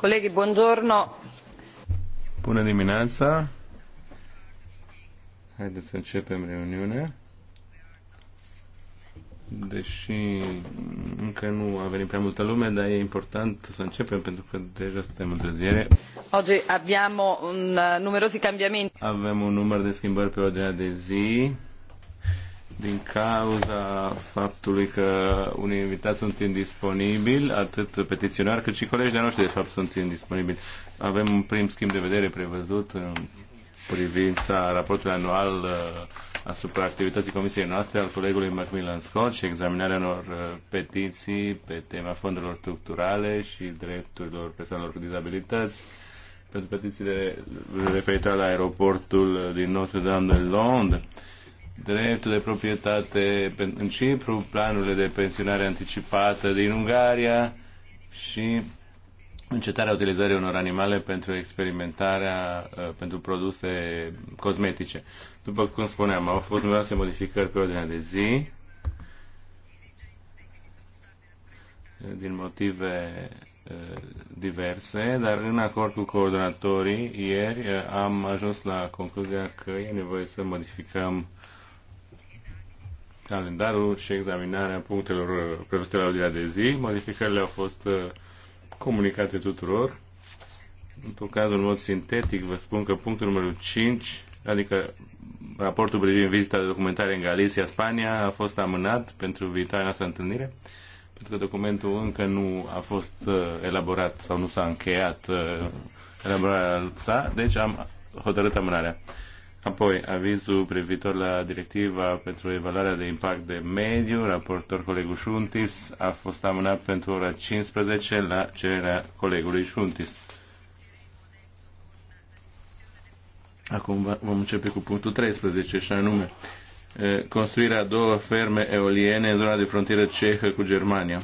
Colegi, buongiorno. Bună dimineața. Haideți să începem reuniunea. Deși încă nu a venit prea multă lume, dar e important să începem pentru că deja suntem întârziere. Oggi abbiamo un, uh, numerosi cambiamenti. Avem un număr de schimbări pe ordinea de zi din cauza faptului că unii invitați sunt indisponibili, atât petiționari cât și colegii de noștri, de fapt, sunt indisponibili. Avem un prim schimb de vedere prevăzut în privința raportului anual uh, asupra activității comisiei noastre al colegului Macmillan Scott și examinarea unor uh, petiții pe tema fondurilor structurale și drepturilor persoanelor cu dizabilități pentru petițiile referitoare la aeroportul uh, din Notre-Dame de Londres dreptul de proprietate în Cipru, planurile de pensionare anticipată din Ungaria și încetarea utilizării unor animale pentru experimentarea, uh, pentru produse cosmetice. După cum spuneam, au fost numeroase modificări pe ordinea de zi uh, din motive uh, diverse, dar în acord cu coordonatorii ieri am ajuns la concluzia că e nevoie să modificăm calendarul și examinarea punctelor prevăzute la ordinea de zi. Modificările au fost uh, comunicate tuturor. Într-un caz, în mod sintetic, vă spun că punctul numărul 5, adică raportul privind vizita de documentare în Galicia, Spania, a fost amânat pentru viitoarea noastră întâlnire, pentru că documentul încă nu a fost uh, elaborat sau nu s-a încheiat uh, elaborarea sa, deci am hotărât amânarea. Apoi, avizul privitor la directiva pentru evaluarea de impact de mediu, raportor colegul Șuntis, a fost amânat pentru ora 15 la cererea colegului Șuntis. Acum vom începe cu punctul 13, și anume construirea două ferme eoliene în zona de frontieră cehă cu Germania.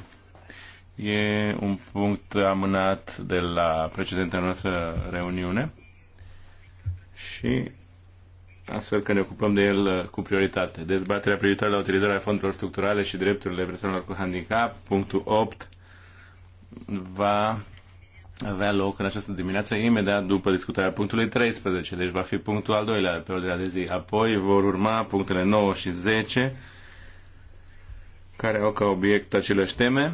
E un punct amânat de la precedenta noastră reuniune și astfel că ne ocupăm de el uh, cu prioritate. Dezbaterea privitoare la utilizarea fondurilor structurale și drepturile persoanelor cu handicap, punctul 8, va avea loc în această dimineață, imediat după discutarea punctului 13, deci va fi punctul al doilea pe ordinea de zi. Apoi vor urma punctele 9 și 10, care au ca obiect aceleași teme.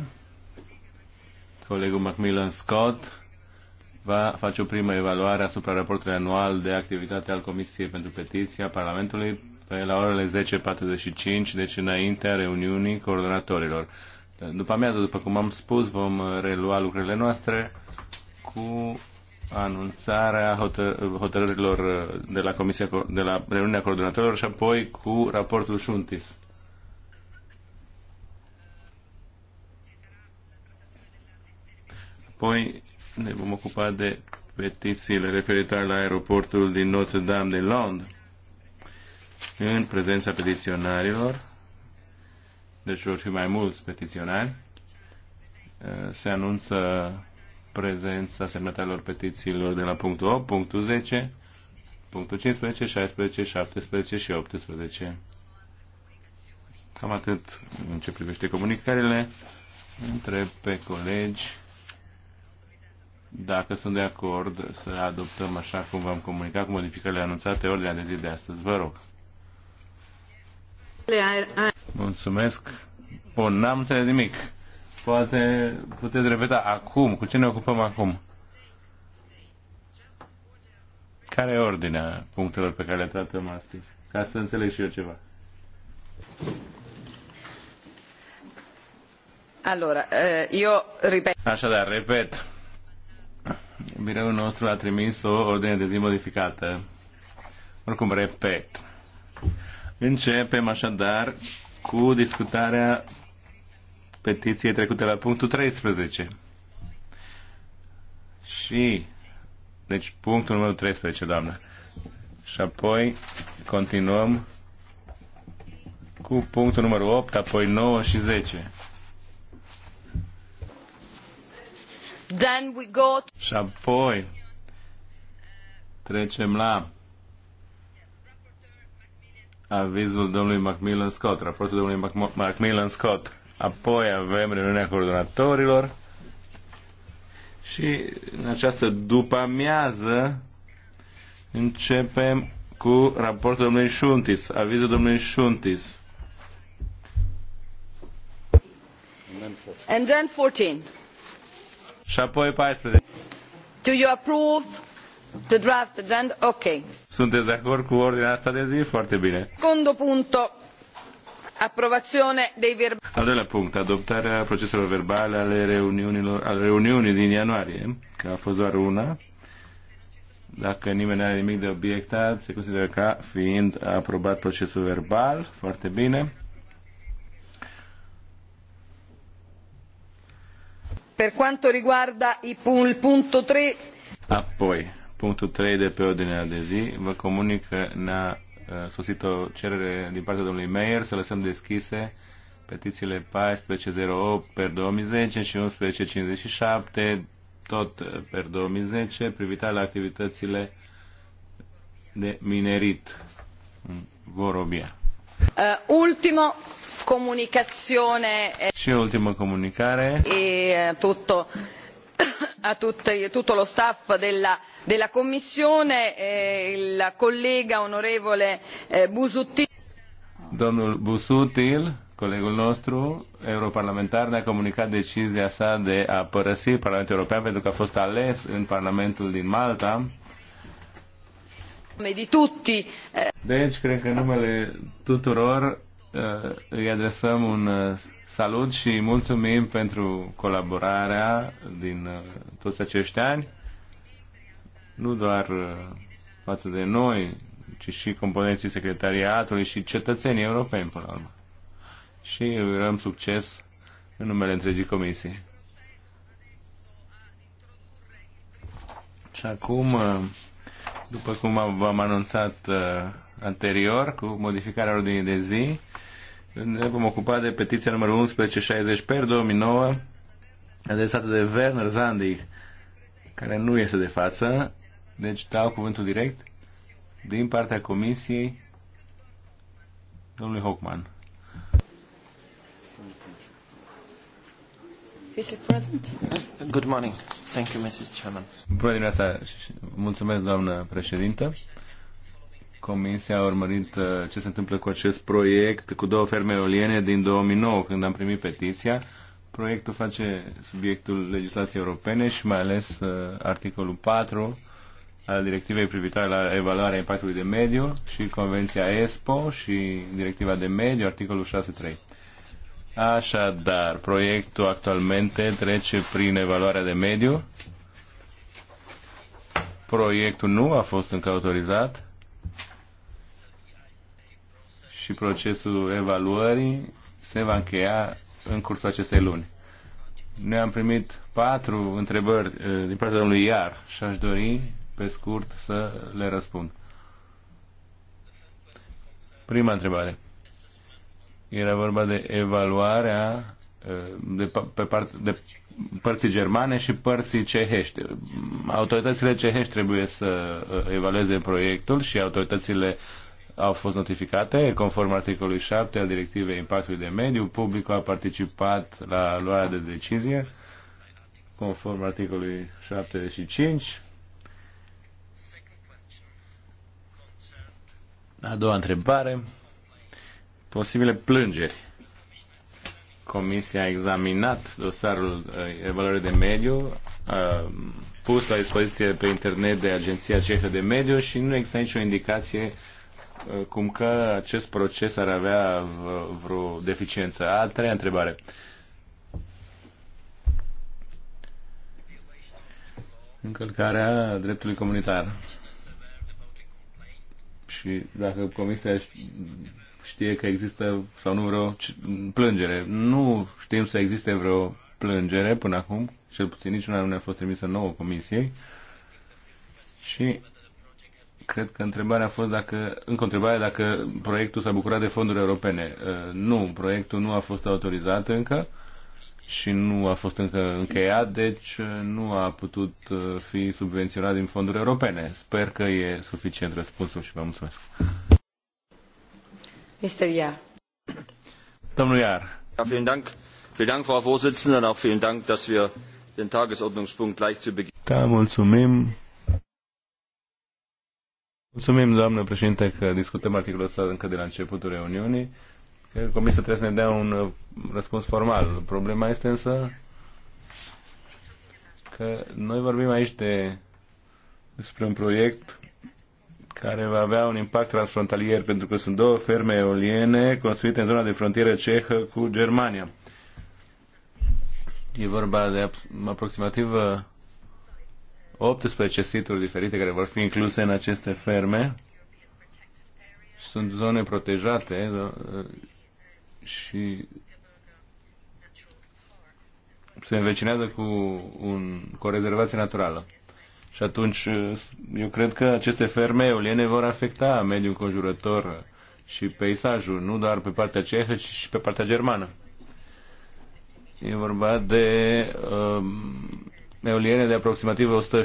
Colegul Macmillan Scott va face o primă evaluare asupra raportului anual de activitate al Comisiei pentru Petiția Parlamentului pe la orele 10.45, deci înaintea reuniunii coordonatorilor. După amiază, după cum am spus, vom relua lucrurile noastre cu anunțarea hotă- hotărârilor de la, comisia, de la reuniunea coordonatorilor și apoi cu raportul Șuntis. Apoi ne vom ocupa de petițiile referitoare la aeroportul din Notre-Dame de Lond, în prezența petiționarilor. Deci vor fi mai mulți petiționari. Eh, se anunță prezența semnătorilor petițiilor de la punctul 8, punctul 10, punctul 15, 16, 17 și 18. Cam atât în ce privește comunicările. Întreb pe colegi dacă sunt de acord să adoptăm așa cum v-am comunicat cu modificările anunțate, ordinea de zi de astăzi. Vă rog. Mulțumesc. Bun, n-am înțeles nimic. Poate puteți repeta acum. Cu ce ne ocupăm acum? Care e ordinea punctelor pe care le tratăm astăzi? Ca să înțeleg și eu ceva. Allora, eu eh, ripet. Așadar, repet biroul nostru a trimis o ordine de zi modificată. Oricum, repet. Începem așadar cu discutarea petiției trecute la punctul 13. Și, deci punctul numărul 13, doamnă. Și apoi continuăm cu punctul numărul 8, apoi 9 și 10. Then we go... Și apoi trecem la avizul domnului Macmillan Scott, raportul domnului Macmillan Scott. Apoi avem reuniunea coordonatorilor și în această după-amiază începem cu raportul domnului Shuntis, avizul domnului Shuntis. And then 14. Și apoi 14. Do you approve the draft agenda? Ok. Sunteți de acord cu ordinea asta de zi? Foarte bine. Secondo punto. Approvazione dei verbali. Al doilea punct, adoptarea proceselor verbale ale reuniunilor, al reuniunii din ianuarie, că a fost doar una. Dacă nimeni nu are nimic de obiectat, se consideră ca fiind aprobat procesul verbal. Foarte bine. Per quanto riguarda il punto 3... Apoi, punctul 3 de pe ordinea de zi, vă comunic că ne-a uh, sosit o cerere din partea domnului Meyer să lăsăm deschise petițiile 1408 per 2010 și 1157 tot uh, per 2010 privitoare la activitățile de minerit în Vorobia. Uh, ultimo comunicazione. Și ultimă comunicare. E eh, tutto a tutte, tutto lo staff della, della Commissione, eh, il collega onorevole eh, Busuttil. Domnul Busuttil, colegul nostru, europarlamentar, ne-a comunicat decizia sa de a părăsi Parlamentul European pentru că a fost ales în Parlamentul din Malta di tutti. Eh. Deci, cred că în numele tuturor eh, îi adresăm un eh, salut și mulțumim pentru colaborarea din toți acești ani, nu doar față de noi, ci și componenții secretariatului și cetățenii europeni, până la urmă. Și îi urăm succes în numele întregii comisii. Și acum după cum v-am anunțat uh, anterior, cu modificarea ordinii de zi, ne vom ocupa de petiția numărul 1160 per 2009, adresată de Werner Zandi, care nu este de față, deci dau cuvântul direct din partea Comisiei domnului Hockman. Bună dimineața. Mulțumesc, doamnă președintă. Comisia a urmărit uh, ce se întâmplă cu acest proiect cu două ferme eoliene din 2009, când am primit petiția. Proiectul face subiectul legislației europene și mai ales uh, articolul 4 al directivei privitoare la evaluarea impactului de mediu și Convenția ESPO și Directiva de Mediu, articolul 6.3. Așadar, proiectul actualmente trece prin evaluarea de mediu. Proiectul nu a fost încă autorizat și procesul evaluării se va încheia în cursul acestei luni. Noi am primit patru întrebări eh, din partea domnului Iar și aș dori, pe scurt, să le răspund. Prima întrebare era vorba de evaluarea ă, de, pe part, de părții germane și părții cehești. Autoritățile cehești trebuie să ă, evalueze proiectul și autoritățile au fost notificate conform articolului 7 al directivei impactului de mediu. Publicul a participat la luarea de decizie conform articolului 75. A doua întrebare posibile plângeri. Comisia a examinat dosarul uh, evaluare de mediu, pus la dispoziție pe internet de Agenția Cehă de Mediu și nu există nicio indicație uh, cum că acest proces ar avea uh, vreo deficiență. A treia întrebare. Încălcarea dreptului comunitar. Și dacă Comisia știe că există sau nu vreo plângere. Nu știm să existe vreo plângere până acum, cel puțin niciuna nu ne-a fost trimisă nouă comisiei. Și cred că întrebarea a fost dacă, încă o întrebare, dacă proiectul s-a bucurat de fonduri europene. Uh, nu, proiectul nu a fost autorizat încă și nu a fost încă încheiat, deci uh, nu a putut uh, fi subvenționat din fonduri europene. Sper că e suficient răspunsul și vă mulțumesc. Frau auch vielen Dank, dass wir den Tagesordnungspunkt gleich zu Beginn. Da, mulțumim. Mulțumim, doamnă președinte, că discutăm articolul ăsta încă de la începutul reuniunii. Cred că comisia trebuie să ne dea un uh, răspuns formal. Problema este însă că noi vorbim aici de, despre un proiect care va avea un impact transfrontalier, pentru că sunt două ferme eoliene construite în zona de frontieră cehă cu Germania. E vorba de aproximativ 18 uh, situri diferite care vor fi incluse în aceste ferme. Sunt zone protejate uh, și se învecinează cu, un, cu o rezervație naturală. Și atunci eu cred că aceste ferme eoliene vor afecta mediul conjurător și peisajul, nu doar pe partea cehă, ci și pe partea germană. E vorba de um, eoliene de aproximativ 100,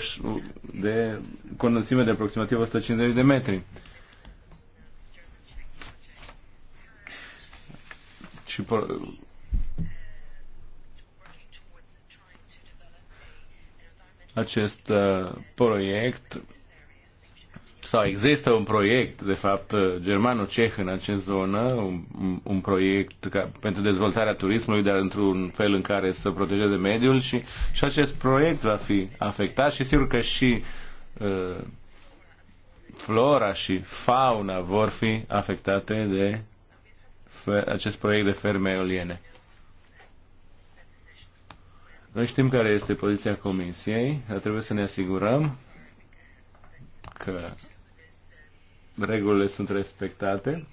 de conduțime de aproximativ 150 de metri. Și acest uh, proiect sau există un proiect, de fapt, uh, germano-ceh în acest zonă, un, un proiect ca, pentru dezvoltarea turismului, dar într-un fel în care să protejeze mediul și, și acest proiect va fi afectat și sigur că și uh, flora și fauna vor fi afectate de acest proiect de ferme eoliene. Noi știm care este poziția Comisiei, dar trebuie să ne asigurăm că regulile sunt respectate.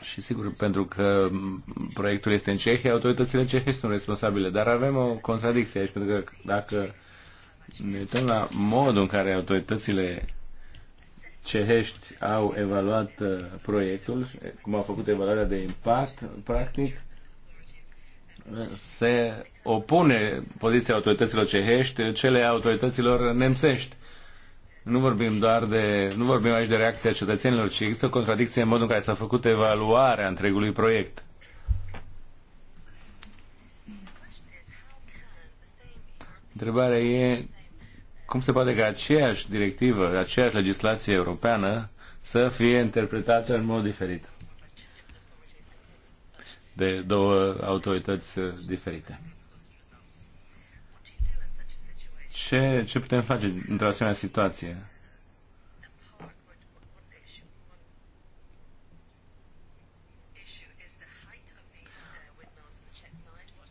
Și sigur, pentru că proiectul este în Cehia, autoritățile cehe sunt responsabile, dar avem o contradicție aici, pentru că dacă ne uităm la modul în care autoritățile cehești au evaluat uh, proiectul, cum au făcut evaluarea de impact, practic, se opune poziția autorităților cehești cele autorităților nemțești. Nu vorbim doar de, nu vorbim aici de reacția cetățenilor, ci există o contradicție în modul în care s-a făcut evaluarea întregului proiect. Întrebarea e cum se poate ca aceeași directivă, aceeași legislație europeană să fie interpretată în mod diferit de două autorități uh, diferite. Ce, ce putem face într-o asemenea situație?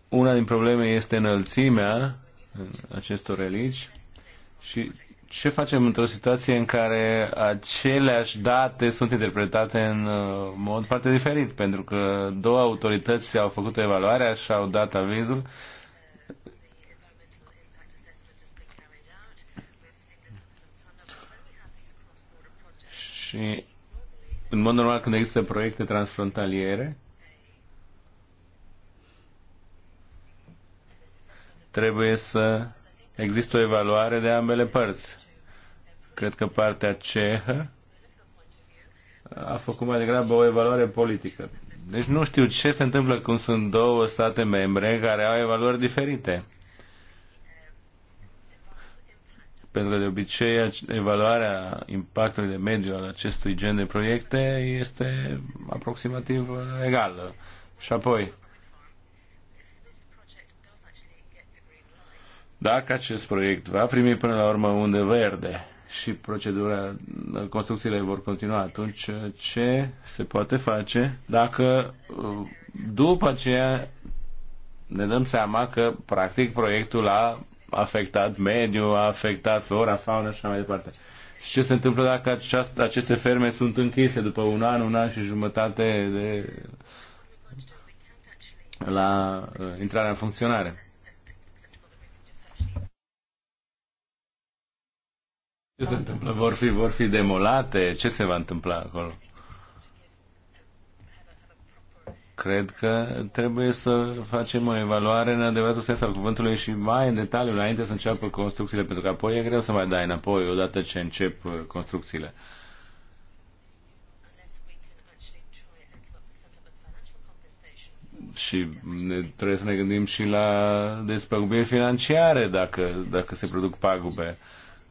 Una din probleme este înălțimea acestor relici și ce facem într-o situație în care aceleași date sunt interpretate în uh, mod foarte diferit? Pentru că două autorități au făcut o evaluare și au dat avizul. Și în mod normal când există proiecte transfrontaliere, trebuie să există o evaluare de ambele părți. Cred că partea cehă a făcut mai degrabă o evaluare politică. Deci nu știu ce se întâmplă când sunt două state membre care au evaluări diferite. Pentru că de obicei evaluarea impactului de mediu al acestui gen de proiecte este aproximativ uh, egală. Și apoi, dacă acest proiect va primi până la urmă unde verde și procedura, construcțiile vor continua, atunci ce se poate face dacă după aceea ne dăm seama că practic proiectul a afectat mediul, a afectat flora, fauna și așa mai departe. Și ce se întâmplă dacă aceast, aceste ferme sunt închise după un an, un an și jumătate de la uh, intrarea în funcționare? Ce se întâmplă? Vor fi, vor fi demolate? Ce se va întâmpla acolo? Cred că trebuie să facem o evaluare în adevăratul sens al cuvântului și mai în detaliu înainte să înceapă construcțiile, pentru că apoi e greu să mai dai înapoi odată ce încep uh, construcțiile. și ne, trebuie să ne gândim și la despăgubiri financiare dacă, dacă se produc pagube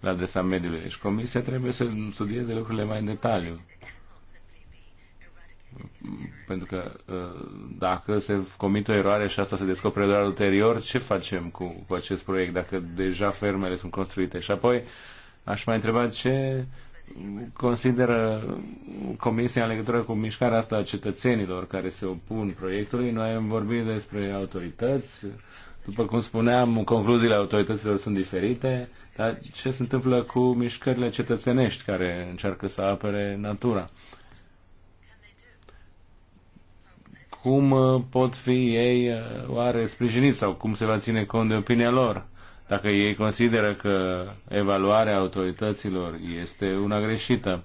la adresa mediului. Și deci comisia trebuie să studieze lucrurile mai în detaliu. Pentru că uh, dacă se comite o eroare și asta se descoperă doar ulterior, ce facem cu, cu acest proiect dacă deja fermele sunt construite? Și apoi aș mai întreba ce consideră Comisia în legătură cu mișcarea asta a cetățenilor care se opun proiectului. Noi am vorbit despre autorități, după cum spuneam, concluziile autorităților sunt diferite, dar ce se întâmplă cu mișcările cetățenești care încearcă să apere natura? Cum uh, pot fi ei uh, oare sprijiniți sau cum se va ține cont de opinia lor? Dacă ei consideră că evaluarea autorităților este una greșită.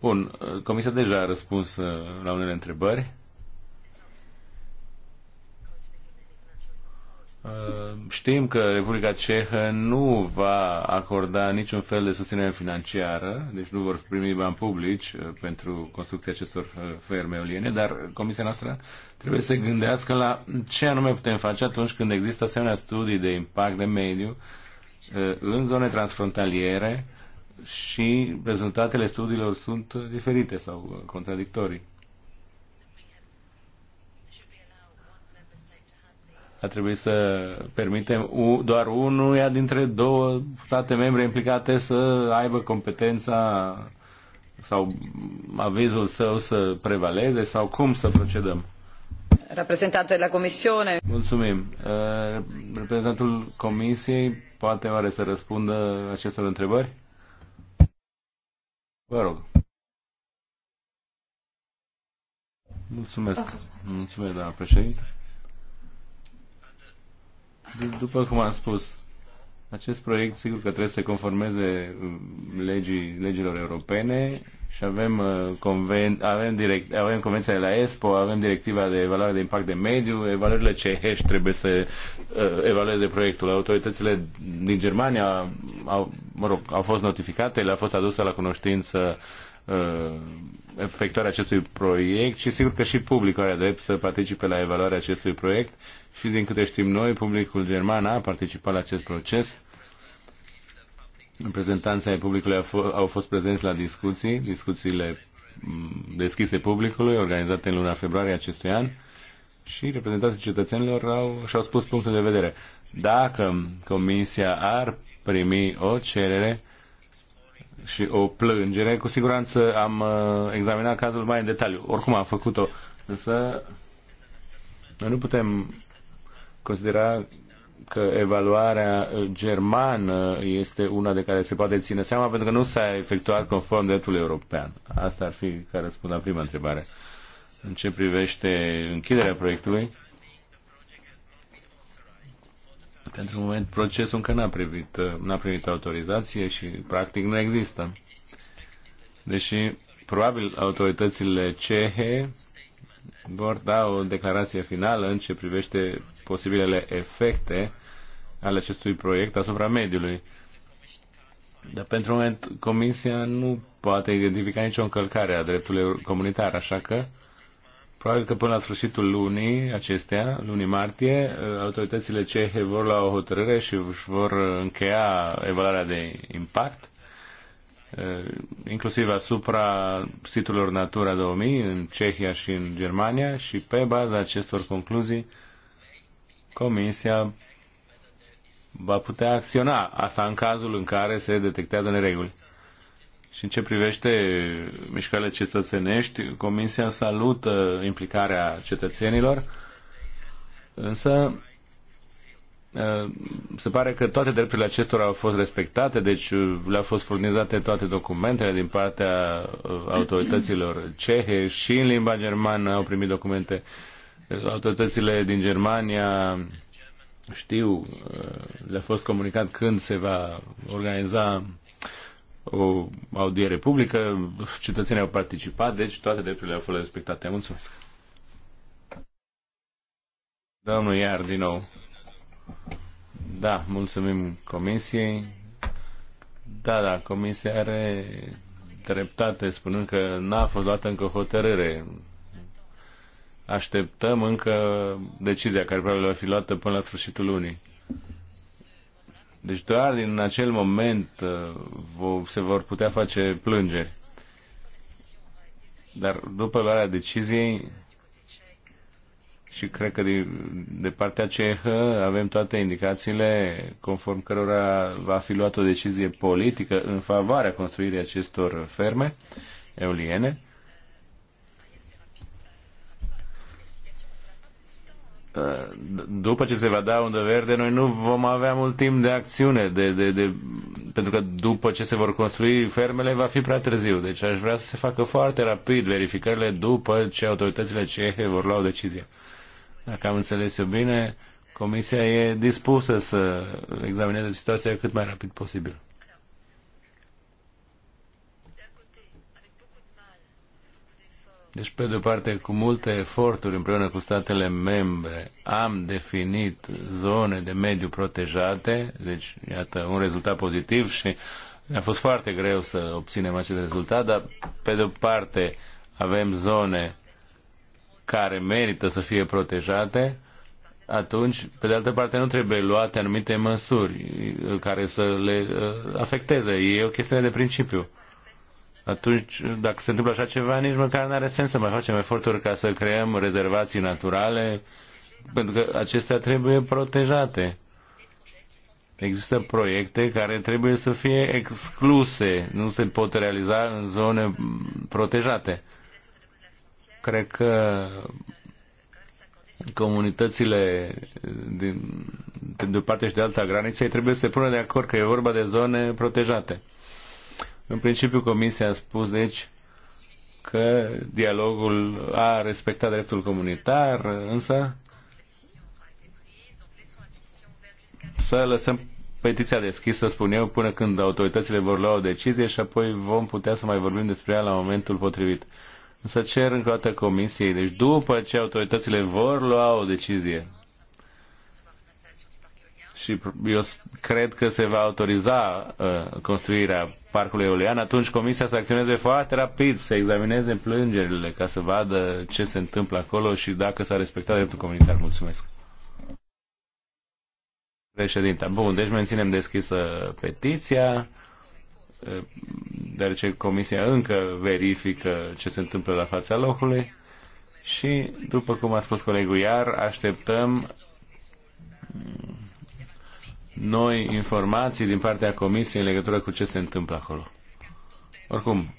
Bun, uh, Comisia deja a răspuns la unele întrebări. Uh, știm că Republica Cehă nu va acorda niciun fel de susținere financiară, deci nu vor primi bani publici uh, pentru construcția acestor uh, ferme eoliene, dar Comisia noastră trebuie să gândească la ce anume putem face atunci când există asemenea studii de impact de mediu în zone transfrontaliere și rezultatele studiilor sunt diferite sau contradictorii. a trebuit să permitem doar unuia dintre două state membre implicate să aibă competența sau avizul său să prevaleze sau cum să procedăm? Reprezentantul la Comisiune. Mulțumim. Uh, reprezentantul Comisiei poate oare să răspundă acestor întrebări? Vă rog. Mulțumesc. Ah. Mulțumesc, doamna președinte. După cum am spus, acest proiect sigur că trebuie să se conformeze mm, legii, legilor europene și avem, uh, conven, avem, direct, avem convenția de la ESPO, avem directiva de evaluare de impact de mediu, evaluările CEH trebuie să uh, evalueze proiectul. Autoritățile din Germania au, mă rog, au fost notificate, le-a fost adusă la cunoștință Uh, efectuarea acestui proiect și sigur că și publicul are drept să participe la evaluarea acestui proiect și din câte știm noi, publicul german a participat la acest proces. Reprezentanții ai publicului au, f- au fost prezenți la discuții, discuțiile mm, deschise publicului, organizate în luna februarie acestui an și reprezentanții cetățenilor au, și-au spus punctul de vedere. Dacă Comisia ar primi o cerere, și o plângere. Cu siguranță am uh, examinat cazul mai în detaliu. Oricum am făcut-o. Însă noi nu putem considera că evaluarea uh, germană este una de care se poate ține seama pentru că nu s-a efectuat conform dreptului european. Asta ar fi ca răspund la prima întrebare. În ce privește închiderea proiectului, Pentru moment procesul încă n-a primit, n-a primit autorizație și practic nu există. Deși probabil autoritățile cehe vor da o declarație finală în ce privește posibilele efecte ale acestui proiect asupra mediului. Dar pentru moment Comisia nu poate identifica nicio încălcare a dreptului comunitar, așa că Probabil că până la sfârșitul lunii acestea, lunii martie, autoritățile cehe vor la o hotărâre și își vor încheia evaluarea de impact, inclusiv asupra siturilor Natura 2000 în Cehia și în Germania și pe baza acestor concluzii Comisia va putea acționa, asta în cazul în care se detectează nereguli. Și în ce privește mișcările cetățenești, Comisia salută implicarea cetățenilor, însă ă, se pare că toate drepturile acestora au fost respectate, deci ă, le-au fost furnizate toate documentele din partea ă, autorităților cehe și în limba germană au primit documente. Autoritățile din Germania știu, le-a fost comunicat când se va organiza o audiere publică, cetățenii au participat, deci toate drepturile au fost respectate. Mulțumesc! Domnul Iar, din nou. Da, mulțumim Comisiei. Da, da, Comisia are dreptate spunând că n-a fost luată încă hotărâre. Așteptăm încă decizia care probabil va fi luată până la sfârșitul lunii. Deci doar din acel moment uh, se vor putea face plângeri. Dar după luarea deciziei și cred că de, de partea cehă avem toate indicațiile conform cărora va fi luată o decizie politică în favoarea construirii acestor ferme eoliene după ce se va da undă verde, noi nu vom avea mult timp de acțiune, de, de, de, pentru că după ce se vor construi fermele va fi prea târziu. Deci aș vrea să se facă foarte rapid verificările după ce autoritățile cehe vor lua o decizie. Dacă am înțeles eu bine, Comisia e dispusă să examineze situația cât mai rapid posibil. Deci, pe de o parte, cu multe eforturi împreună cu statele membre, am definit zone de mediu protejate, deci, iată, un rezultat pozitiv și ne-a fost foarte greu să obținem acest rezultat, dar, pe de o parte, avem zone care merită să fie protejate, atunci, pe de altă parte, nu trebuie luate anumite măsuri care să le uh, afecteze. E o chestiune de principiu atunci, dacă se întâmplă așa ceva, nici măcar nu are sens să mai facem eforturi ca să creăm rezervații naturale, pentru că acestea trebuie protejate. Există proiecte care trebuie să fie excluse, nu se pot realiza în zone protejate. Cred că comunitățile din, de o parte și de alta graniței trebuie să se pună de acord că e vorba de zone protejate. În principiu, Comisia a spus, deci, că dialogul a respectat dreptul comunitar, însă să lăsăm petiția deschisă, spun eu, până când autoritățile vor lua o decizie și apoi vom putea să mai vorbim despre ea la momentul potrivit. Însă cer încă o dată comisiei, deci după ce autoritățile vor lua o decizie, și eu cred că se va autoriza uh, construirea parcului eolian, atunci comisia să acționeze foarte rapid, să examineze plângerile ca să vadă ce se întâmplă acolo și dacă s-a respectat dreptul comunitar. Mulțumesc. Președinte, bun, deci menținem deschisă petiția, deoarece comisia încă verifică ce se întâmplă la fața locului și, după cum a spus colegul Iar, așteptăm noi informații din partea Comisiei în legătură cu ce se întâmplă acolo. Oricum,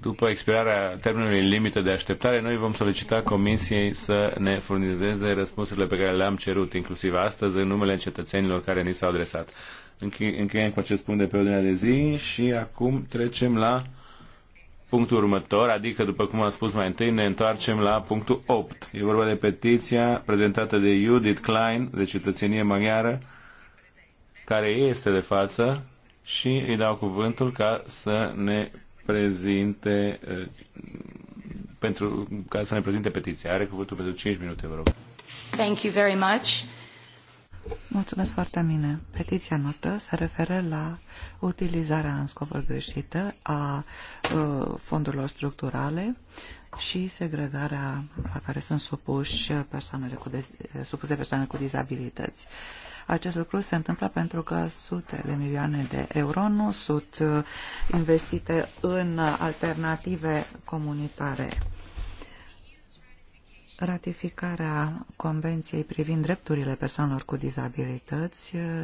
după expirarea termenului limită de așteptare, noi vom solicita Comisiei să ne furnizeze răspunsurile pe care le-am cerut, inclusiv astăzi, în numele cetățenilor care ni s-au adresat. Încheiem cu acest punct de pe ordinea de zi și acum trecem la punctul următor, adică, după cum am spus mai întâi, ne întoarcem la punctul 8. E vorba de petiția prezentată de Judith Klein, de cetățenie maghiară, care este de față și îi dau cuvântul ca să ne prezinte eh, pentru ca să ne prezinte petiția. Are cuvântul pentru 5 minute, vă rog. Thank you very much. Mulțumesc foarte mine. Petiția noastră se referă la utilizarea în scopuri greșite a uh, fondurilor structurale și segregarea la care sunt supuși persoanele cu supuse persoane cu dizabilități. Acest lucru se întâmplă pentru că sute de milioane de euro nu sunt uh, investite în alternative comunitare Ratificarea Convenției privind drepturile persoanelor cu dizabilități uh,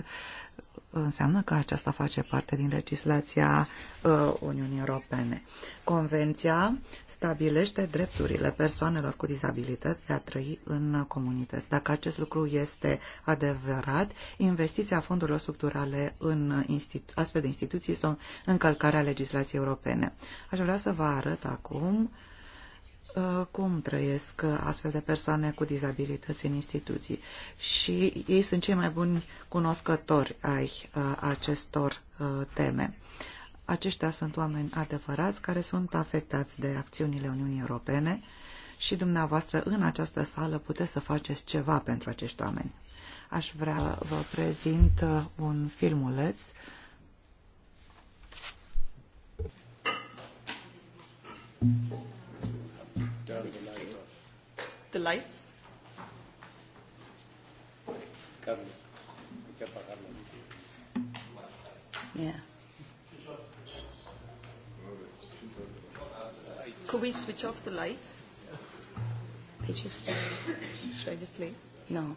înseamnă că aceasta face parte din legislația uh, Uniunii Europene. Convenția stabilește drepturile persoanelor cu dizabilități de a trăi în comunități. Dacă acest lucru este adevărat, investiția fondurilor structurale în astfel de instituții sunt încălcarea legislației europene. Aș vrea să vă arăt acum uh, Uh, cum trăiesc astfel de persoane cu dizabilități în instituții și ei sunt cei mai buni cunoscători ai uh, acestor uh, teme. Aceștia sunt oameni adevărați care sunt afectați de acțiunile Uniunii Europene și dumneavoastră în această sală puteți să faceți ceva pentru acești oameni. Aș vrea să vă prezint un filmuleț Thank you the lights? Yeah. Could we switch off the lights? They just. Should I just play? No.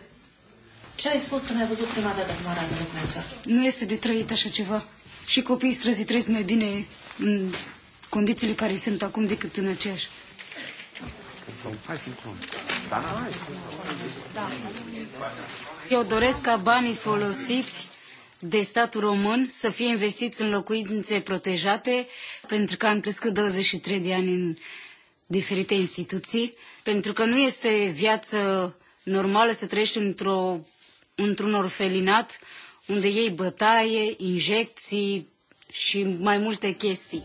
Ce ai spus când ai văzut prima dată cum arată locuința? Nu este de trăit așa ceva. Și copiii străzii trăiesc mai bine în condițiile care sunt acum decât în aceeași. Da, da, da. Eu doresc ca banii folosiți de statul român să fie investiți în locuințe protejate, pentru că am crescut 23 de ani în diferite instituții, pentru că nu este viață normală să trăiești într-o într-un orfelinat unde ei bătaie, injecții și mai multe chestii.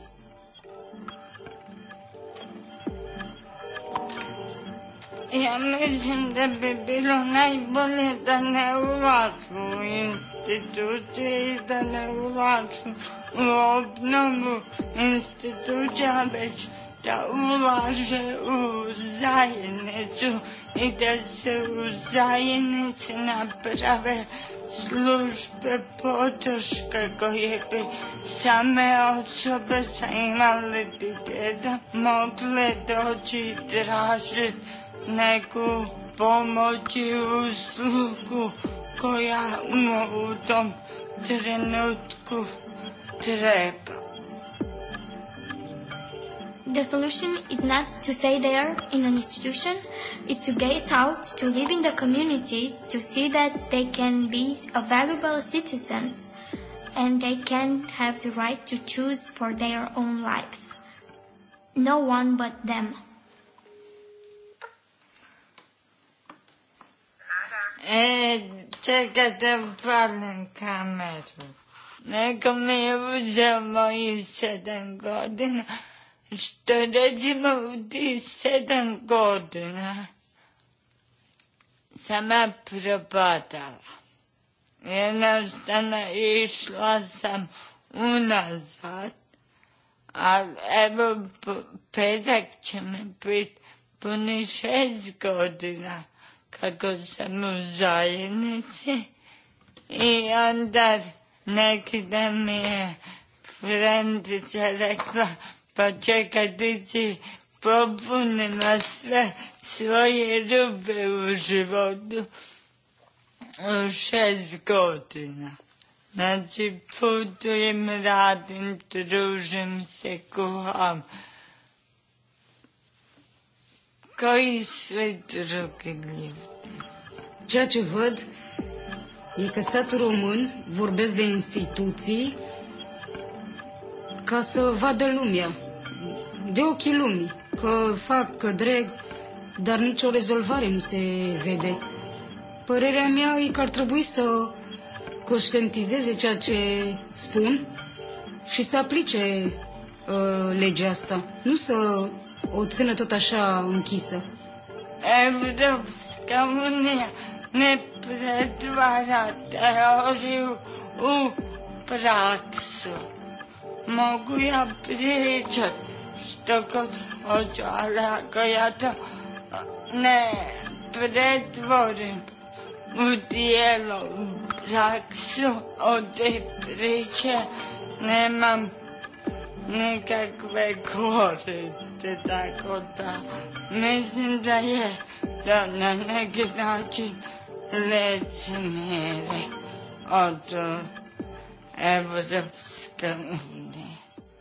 Ia mergem de pe bilonai de neulatul instituției de neulatul obnovu instituția već deci te ulaže u zajednicu i da se u zajednici naprave službe podrške koje bi same osobe sa invaliditetom mogle doći i tražiti neku pomoć i uslugu koja mu u tom trenutku treba. The solution is not to stay there in an institution, is to get out, to live in the community, to see that they can be valuable citizens and they can have the right to choose for their own lives. No one but them. Čekajte, palim kameru. Neko mi je uzeo mojih sedam godina što recimo u tih sedam godina sam ja propadala. Jednostavno išla sam unazad, ali evo petak će mi biti puni šest godina kako sam u zajednici i onda neki dan mi je frendica rekla ca pokazati propune la sve svoje rupe u životu u šest godina. Znači, putujem, da radim, družim se, kuham. Koji sve drugi ljudi. Ceea ce văd e că statul român vorbesc de instituții ca să vadă lumea de ochii lumii, că fac, că dreg, dar nicio rezolvare nu se vede. Părerea mea e că ar trebui să conștientizeze ceea ce spun și să aplice uh, legea asta, nu să o țină tot așa închisă. ne nepretvářa teoriu u prácu. Mogu ja pričat știu što ako ja iată, ne pretvorim u tijelo, praksu od te priče nemam nikakve koriste, tako da mislim da je da na neki način lecimere od Evropske unije.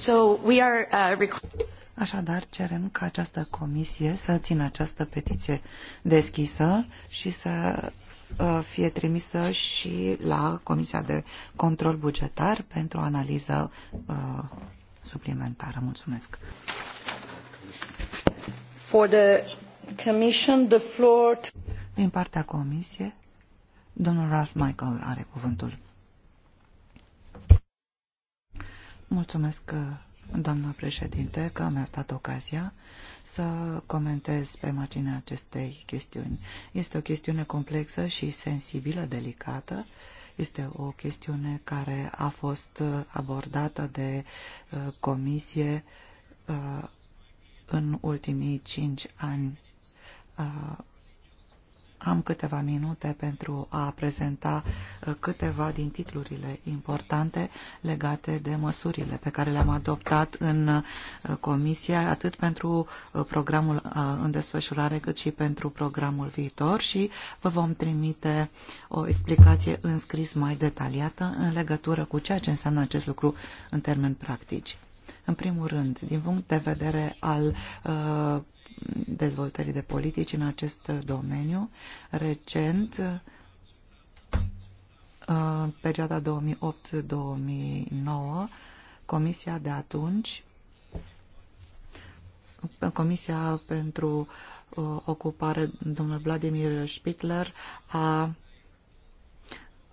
So we are, uh, Așadar, cerem ca această comisie să țină această petiție deschisă și să uh, fie trimisă și la Comisia de Control Bugetar pentru o analiză uh, suplimentară. Mulțumesc. For the commission, the floor... Din partea Comisie, domnul Ralph Michael are cuvântul. Mulțumesc, uh, doamnă președinte, că mi-a dat ocazia să comentez pe marginea acestei chestiuni. Este o chestiune complexă și sensibilă, delicată. Este o chestiune care a fost uh, abordată de uh, comisie în ultimii cinci ani. Am câteva minute pentru a prezenta uh, câteva din titlurile importante legate de măsurile pe care le-am adoptat în uh, comisie, atât pentru uh, programul în desfășurare, cât și pentru programul viitor și vă vom trimite o explicație în scris mai detaliată în legătură cu ceea ce înseamnă acest lucru în termeni practici. În primul rând, din punct de vedere al uh, dezvoltării de politici în acest domeniu. Recent, în perioada 2008-2009, Comisia de atunci, Comisia pentru uh, Ocupare, domnul Vladimir Spitler, a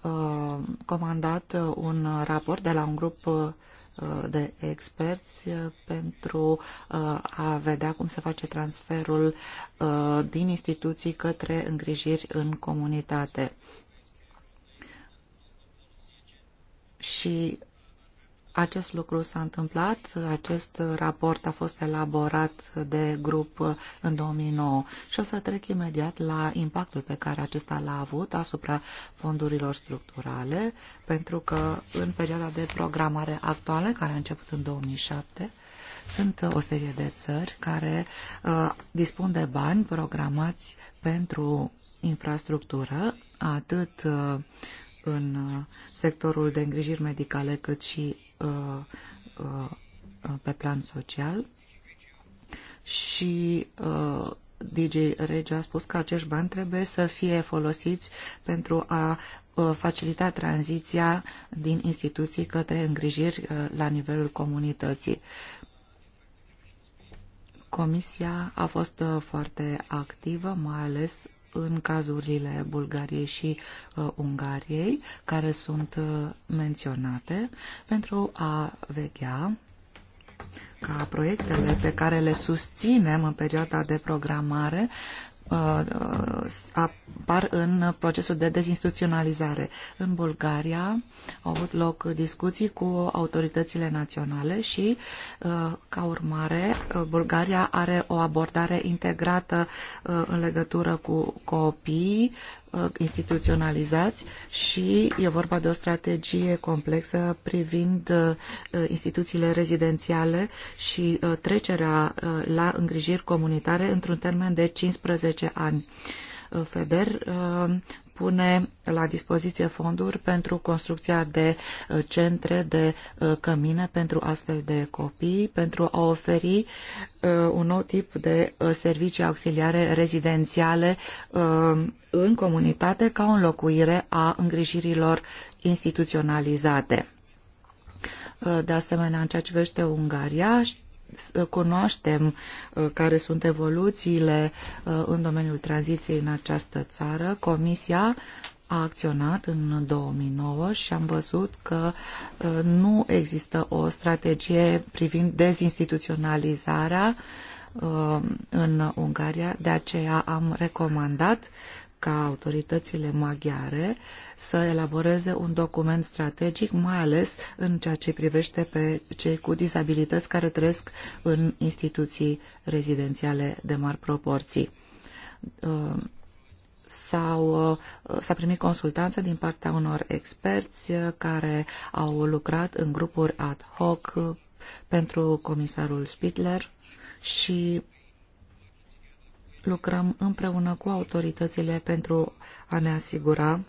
uh, comandat un raport de la un grup uh, Uh, de experți uh, pentru uh, a vedea cum se face transferul din instituții către îngrijiri în comunitate. Și acest lucru s-a întâmplat, acest raport a fost elaborat de grup în 2009 și o să trec imediat la impactul pe care acesta l-a avut asupra fondurilor structurale, pentru că în perioada de programare actuală, care a început în 2007, sunt o serie de țări care uh, dispun de bani programați pentru infrastructură, atât uh, în uh, sectorul de îngrijiri medicale, cât și Uh, uh, pe plan social și uh, DJ Rege a spus că acești bani trebuie să fie folosiți pentru a facilita tranziția din instituții către îngrijiri la nivelul comunității. Comisia a fost foarte activă, mai ales în cazurile Bulgariei și uh, Ungariei, care sunt uh, menționate, pentru a veghea ca proiectele pe care le susținem în perioada de programare Uh, apar în procesul de dezinstituționalizare. În Bulgaria au avut loc discuții cu autoritățile naționale și, uh, ca urmare, uh, Bulgaria are o abordare integrată în legătură cu copiii, Uh, instituționalizați și e vorba de o strategie complexă privind uh, uh, instituțiile rezidențiale și trecerea la îngrijiri comunitare într-un termen de 15 ani. FEDER pune la dispoziție fonduri pentru construcția de uh, centre, de uh, cămine pentru astfel de copii, pentru a oferi uh, un nou tip de servicii auxiliare rezidențiale în comunitate ca o înlocuire a îngrijirilor instituționalizate. De asemenea, în ceea ce privește Ungaria, să cunoaștem uh, care sunt evoluțiile uh, în domeniul tranziției în această țară. Comisia a acționat în 2009 și am văzut că uh, nu există o strategie privind dezinstituționalizarea în Ungaria, de aceea am recomandat ca autoritățile maghiare să elaboreze un document strategic, mai ales în ceea ce privește pe cei cu dizabilități care trăiesc în instituții rezidențiale de mari proporții uh, sau uh, s-a primit consultanță din partea unor experți uh, care au lucrat în grupuri ad hoc pentru comisarul Spitler și lucrăm împreună cu autoritățile pentru a ne asigura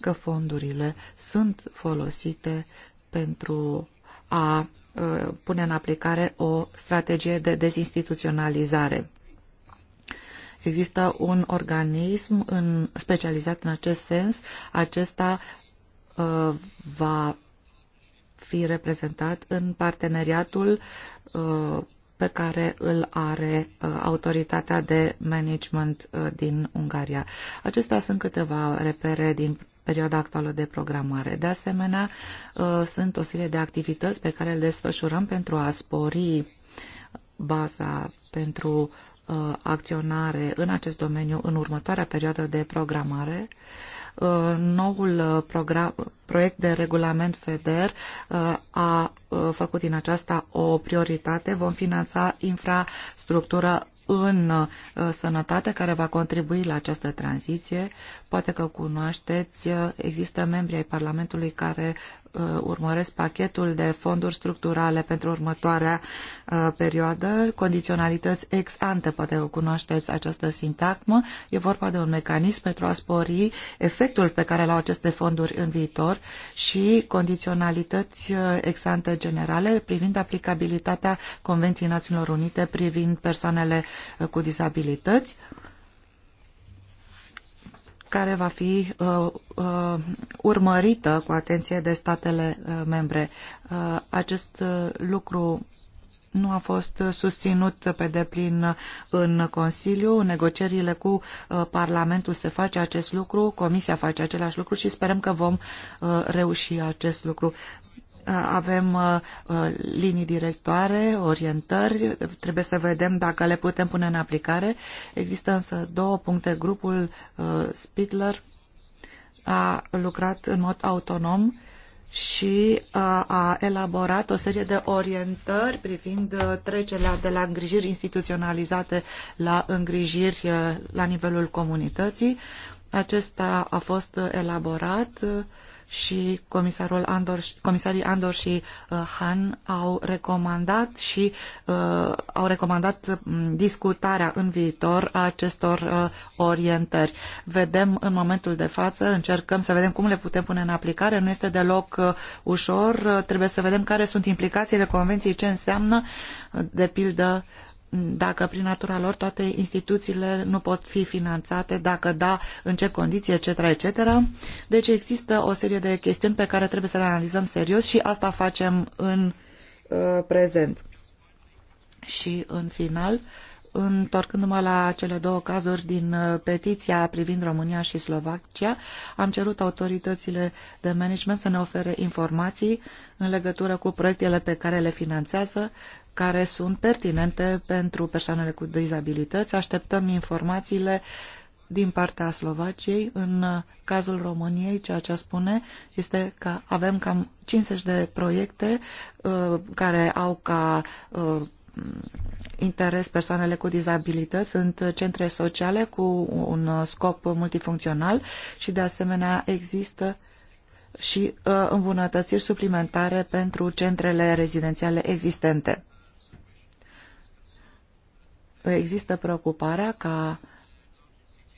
că fondurile sunt folosite pentru a pune în aplicare o strategie de dezinstituționalizare. Există un organism în, specializat în acest sens. Acesta uh, va fi reprezentat în parteneriatul uh, pe care îl are uh, autoritatea de management uh, din Ungaria. Acestea sunt câteva repere din perioada actuală de programare. De asemenea, uh, sunt o serie de activități pe care le desfășurăm pentru a spori baza pentru acționare în acest domeniu în următoarea perioadă de programare Uh, noul uh, program, proiect de regulament FEDER uh, a făcut din aceasta o prioritate. Vom finanța infrastructură în sănătate care va contribui la această tranziție. Poate că cunoașteți, există membri ai Parlamentului care Uh, urmăresc pachetul de fonduri structurale pentru următoarea uh, perioadă, condiționalități ex ante, poate o cunoașteți această sintagmă, e vorba de un mecanism pentru a spori efectul pe care l-au aceste fonduri în viitor și condiționalități uh, ex ante generale privind aplicabilitatea Convenției Națiunilor Unite privind persoanele cu dizabilități care va fi uh, uh, urmărită cu atenție de statele uh, membre. Uh, acest uh, lucru nu a fost susținut pe deplin în Consiliu. În negocierile cu uh, Parlamentul se face acest lucru, Comisia face același lucru și sperăm că vom uh, reuși acest lucru avem linii directoare, orientări, trebuie să vedem dacă le putem pune în aplicare. Există însă două puncte. Grupul Spitler a lucrat în mod autonom și a elaborat o serie de orientări privind trecerea de la îngrijiri instituționalizate la îngrijiri la nivelul comunității. Acesta a fost elaborat uh, și comisarul Andor, comisarii Andor și uh, Han au recomandat și uh, au recomandat mm, discutarea în viitor a acestor uh, orientări. Vedem în momentul de față, încercăm să vedem cum le putem pune în aplicare, nu este deloc ușor, trebuie să vedem care sunt implicațiile convenției, ce înseamnă, de pildă, dacă prin natura lor toate instituțiile nu pot fi finanțate, dacă da, în ce condiții, etc., etc. Deci există o serie de chestiuni pe care trebuie să le analizăm serios și asta facem în uh, prezent. Și în final, întorcându-mă la cele două cazuri din uh, petiția privind România și Slovacia, am cerut autoritățile de management să ne ofere informații în legătură cu proiectele pe care le finanțează, care sunt pertinente pentru persoanele cu dizabilități. Așteptăm informațiile din partea Slovaciei. În cazul României, ceea ce spune este că avem cam 50 de proiecte uh, care au ca uh, interes persoanele cu dizabilități. Sunt centre sociale cu un scop multifuncțional și de asemenea există și uh, îmbunătățiri suplimentare pentru centrele rezidențiale existente există preocuparea ca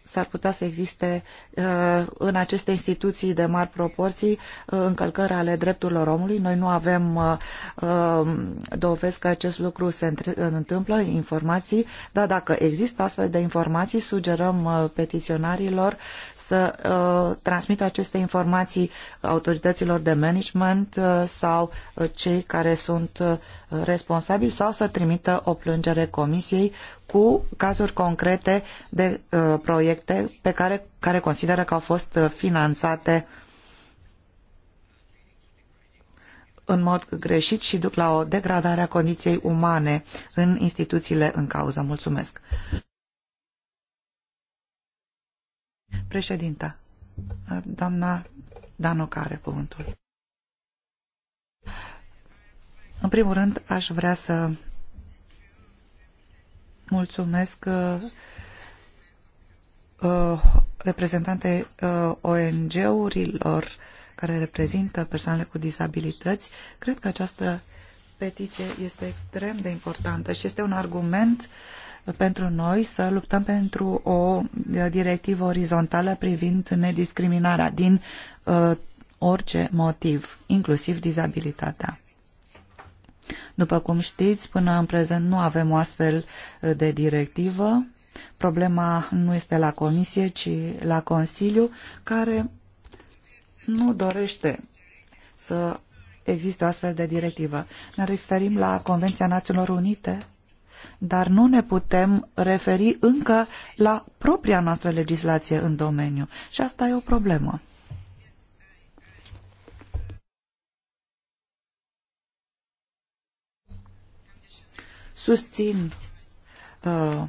s-ar putea să existe uh, în aceste instituții de mari proporții uh, încălcări ale drepturilor omului. Noi nu avem uh, dovezi că acest lucru se întâmplă, informații, dar dacă există astfel de informații, sugerăm petiționarilor să transmită aceste informații autorităților de management sau cei care sunt responsabili sau să trimită o plângere comisiei cu cazuri concrete de uh, proiecte pe care, care consideră că au fost uh, finanțate în mod greșit și duc la o degradare a condiției umane în instituțiile în cauză. Mulțumesc. Președinta, doamna Danoca are cuvântul. În primul rând, aș vrea să Mulțumesc uh, uh, reprezentante uh, ONG-urilor care reprezintă persoanele cu dizabilități. Cred că această petiție este extrem de importantă și este un argument pentru noi să luptăm pentru o directivă orizontală privind nediscriminarea din orice motiv, inclusiv dizabilitatea. După cum știți, până în prezent nu avem o astfel uh, de directivă. Problema nu este la Comisie, ci la Consiliu, care nu dorește să existe o astfel de directivă. Ne referim la Convenția Națiunilor Unite, dar nu ne putem referi încă la propria noastră legislație în domeniu. Și asta e o problemă. Susțin uh,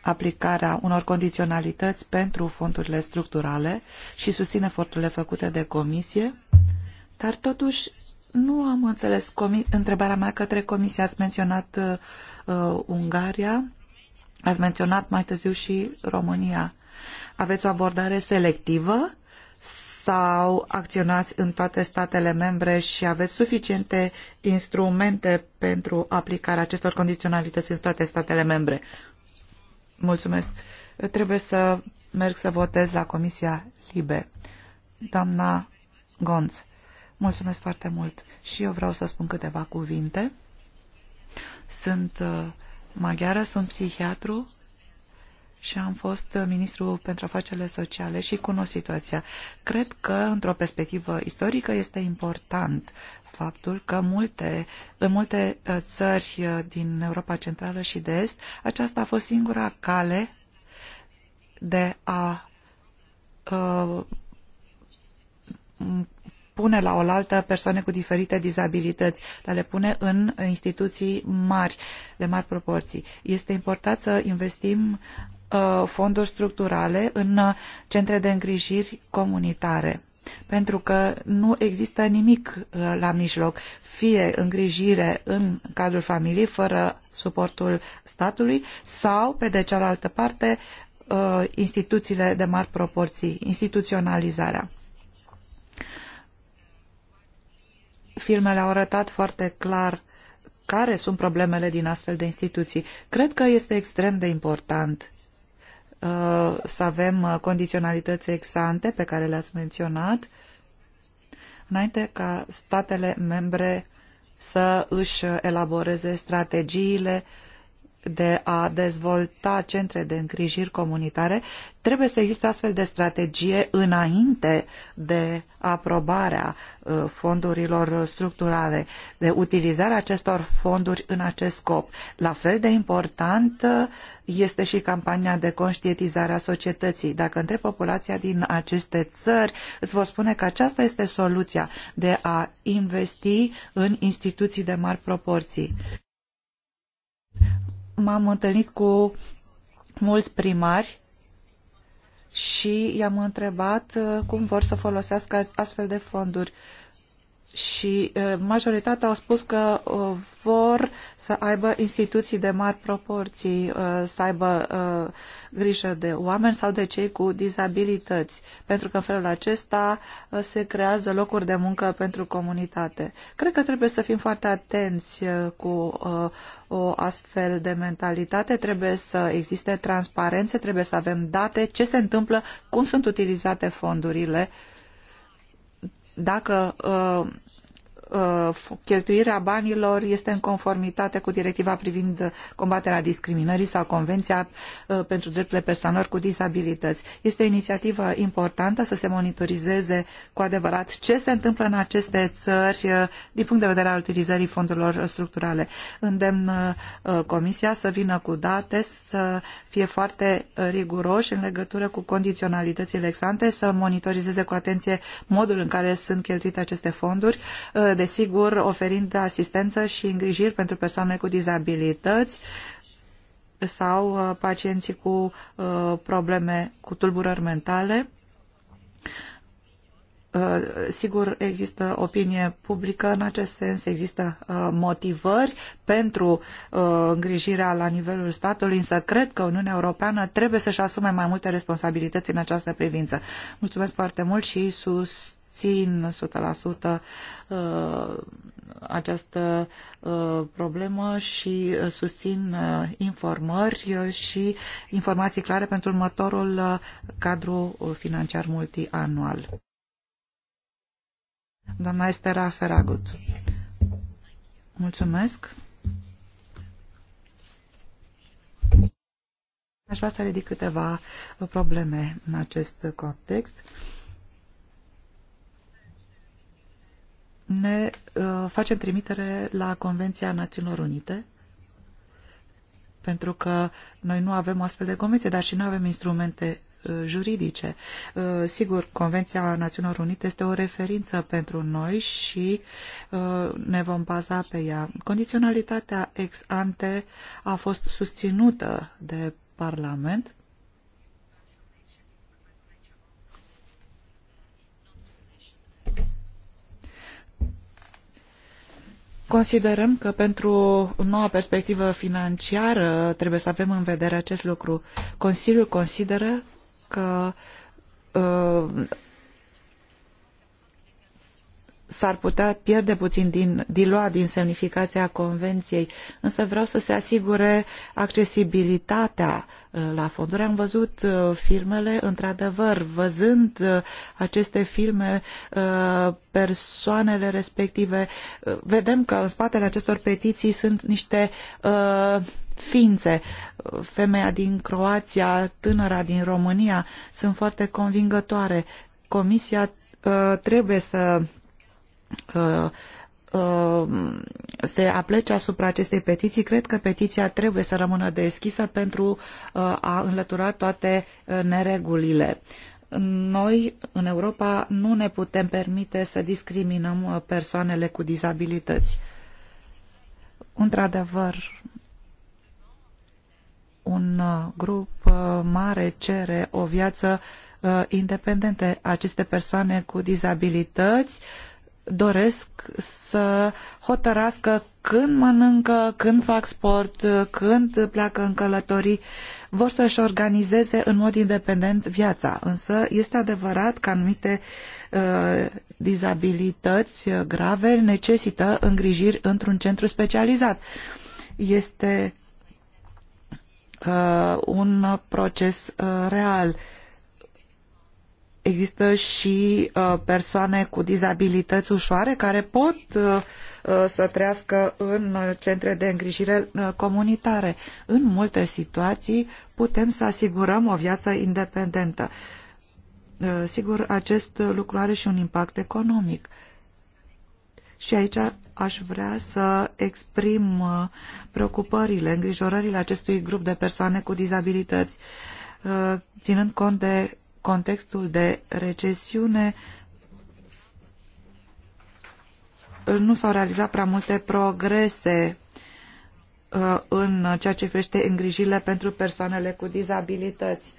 aplicarea unor condiționalități pentru fondurile structurale și susțin eforturile făcute de comisie, dar totuși nu am înțeles întrebarea mea către comisie. Ați menționat uh, Ungaria, ați menționat mai târziu și România. Aveți o abordare selectivă sau acționați în toate statele membre și aveți suficiente instrumente pentru aplicarea acestor condiționalități în toate statele membre? Mulțumesc. Eu trebuie să merg să votez la Comisia Libe. Doamna Gonț, mulțumesc foarte mult și eu vreau să spun câteva cuvinte. Sunt uh, maghiară, sunt psihiatru și am fost ministru pentru afacerile sociale și cunosc situația. Cred că, într-o perspectivă istorică, este important faptul că multe, în multe uh, țări uh, din Europa Centrală și de Est, aceasta a fost singura cale de a uh, pune la oaltă persoane cu diferite dizabilități, dar le pune în instituții mari, de mari proporții. Este important să investim Uh, fonduri structurale în uh, centre de îngrijiri comunitare. Pentru că nu există nimic uh, la mijloc, fie îngrijire în cadrul familiei fără suportul statului sau, pe de cealaltă parte, instituțiile de mari proporții, instituționalizarea. Filmele au arătat foarte clar care sunt problemele din astfel de instituții. Cred că este extrem de important Uh, să avem uh, condiționalități exante pe care le-ați menționat, înainte ca statele membre să își elaboreze strategiile uh, de a dezvolta centre de îngrijiri comunitare, trebuie să existe o astfel de strategie înainte de aprobarea uh, fondurilor structurale, de utilizarea acestor fonduri în acest scop. La fel de important uh, este și campania de conștientizare a societății. Dacă întreb populația din aceste țări, îți vor spune că aceasta este soluția de a investi în instituții de mari proporții m-am întâlnit cu mulți primari și i-am întrebat uh, cum vor să folosească astfel de fonduri și majoritatea au spus că vor să aibă instituții de mari proporții, să aibă grijă de oameni sau de cei cu dizabilități, pentru că în felul acesta se creează locuri de muncă pentru comunitate. Cred că trebuie să fim foarte atenți cu o astfel de mentalitate, trebuie să existe transparențe, trebuie să avem date, ce se întâmplă, cum sunt utilizate fondurile, dacă uh, Uh, cheltuirea banilor este în conformitate cu directiva privind combaterea discriminării sau Convenția uh, pentru drepturile persoanelor cu dizabilități. Este o inițiativă importantă să se monitorizeze cu adevărat ce se întâmplă în aceste țări uh, din punct de vedere al utilizării fondurilor structurale. Îndemn Comisia să vină cu date, să fie foarte riguroși în legătură cu condiționalitățile exante, să monitorizeze cu atenție modul în care sunt cheltuite aceste fonduri, desigur, oferind asistență și îngrijiri pentru persoane cu dizabilități sau uh, pacienții cu uh, probleme, cu tulburări mentale. Uh, sigur, există opinie publică în acest sens, există motivări pentru îngrijirea la nivelul statului, însă cred că Uniunea Europeană trebuie să-și asume mai multe responsabilități în această privință. Mulțumesc foarte mult și sus susțin 100% uh, această uh, problemă și uh, susțin informări și informații clare pentru următorul cadru financiar multianual. Doamna Estera Feragut. Mulțumesc. Aș vrea să ridic câteva probleme în acest context. ne uh, facem trimitere la Convenția Națiunilor Unite pentru că noi nu avem astfel de convenție, dar și nu avem instrumente uh, juridice. Uh, sigur, Convenția Națiunilor Unite este o referință pentru noi și ne vom baza pe ea. Condiționalitatea ex ante a fost susținută de Parlament Considerăm că pentru noua perspectivă financiară trebuie să avem în vedere acest lucru. Consiliul consideră că uh, s-ar putea pierde puțin din, dilua din semnificația convenției, însă vreau să se asigure accesibilitatea uh, la fonduri. Am văzut uh, filmele, într-adevăr, văzând uh, aceste filme, persoanele respective, vedem că în spatele acestor petiții sunt niște ființe. Femeia din Croația, tânăra din România, sunt foarte convingătoare. Comisia trebuie să Uh, uh, se aplece asupra acestei petiții, cred că petiția trebuie să rămână deschisă pentru uh, a înlătura toate neregulile. Noi, în Europa, nu ne putem permite să discriminăm persoanele cu dizabilități. Într-adevăr, un grup mare cere o viață independentă. Aceste persoane cu dizabilități uh, doresc să hotărască când mănâncă, când fac sport, când pleacă în călătorii, vor să-și organizeze în mod independent viața. Însă este adevărat că anumite uh, dizabilități uh, grave necesită îngrijiri într-un centru specializat. Este uh, un proces uh, real Există și uh, persoane cu dizabilități ușoare care pot uh, uh, să trăiască în centre de îngrijire comunitare. În multe situații putem să asigurăm o viață independentă. Sigur, acest lucru are și un impact economic. Și aici aș vrea să exprim preocupările, îngrijorările acestui grup de persoane cu dizabilități, ținând cont de contextul de recesiune uh, nu s-au realizat prea multe progrese uh, în ceea ce privește îngrijirile pentru persoanele cu dizabilități.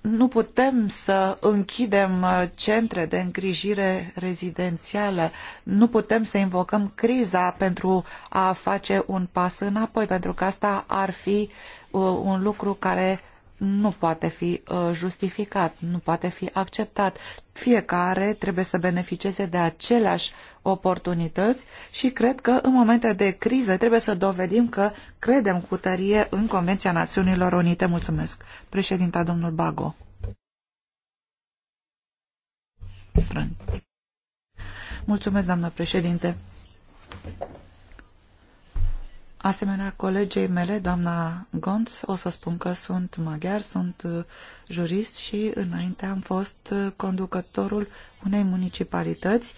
Nu putem să închidem uh, centre de îngrijire rezidențială, nu putem să invocăm criza pentru a face un pas înapoi, pentru că asta ar fi un lucru care nu poate fi uh, justificat, nu poate fi acceptat. Fiecare trebuie să beneficieze de aceleași oportunități și cred că în momente de criză trebuie să dovedim că credem cu tărie în Convenția Națiunilor Unite. Mulțumesc. Președinta, domnul Bago. Mulțumesc, doamnă președinte. Asemenea, colegei mele, doamna Gonț, o să spun că sunt maghiar, sunt uh, jurist și înainte am fost uh, conducătorul unei municipalități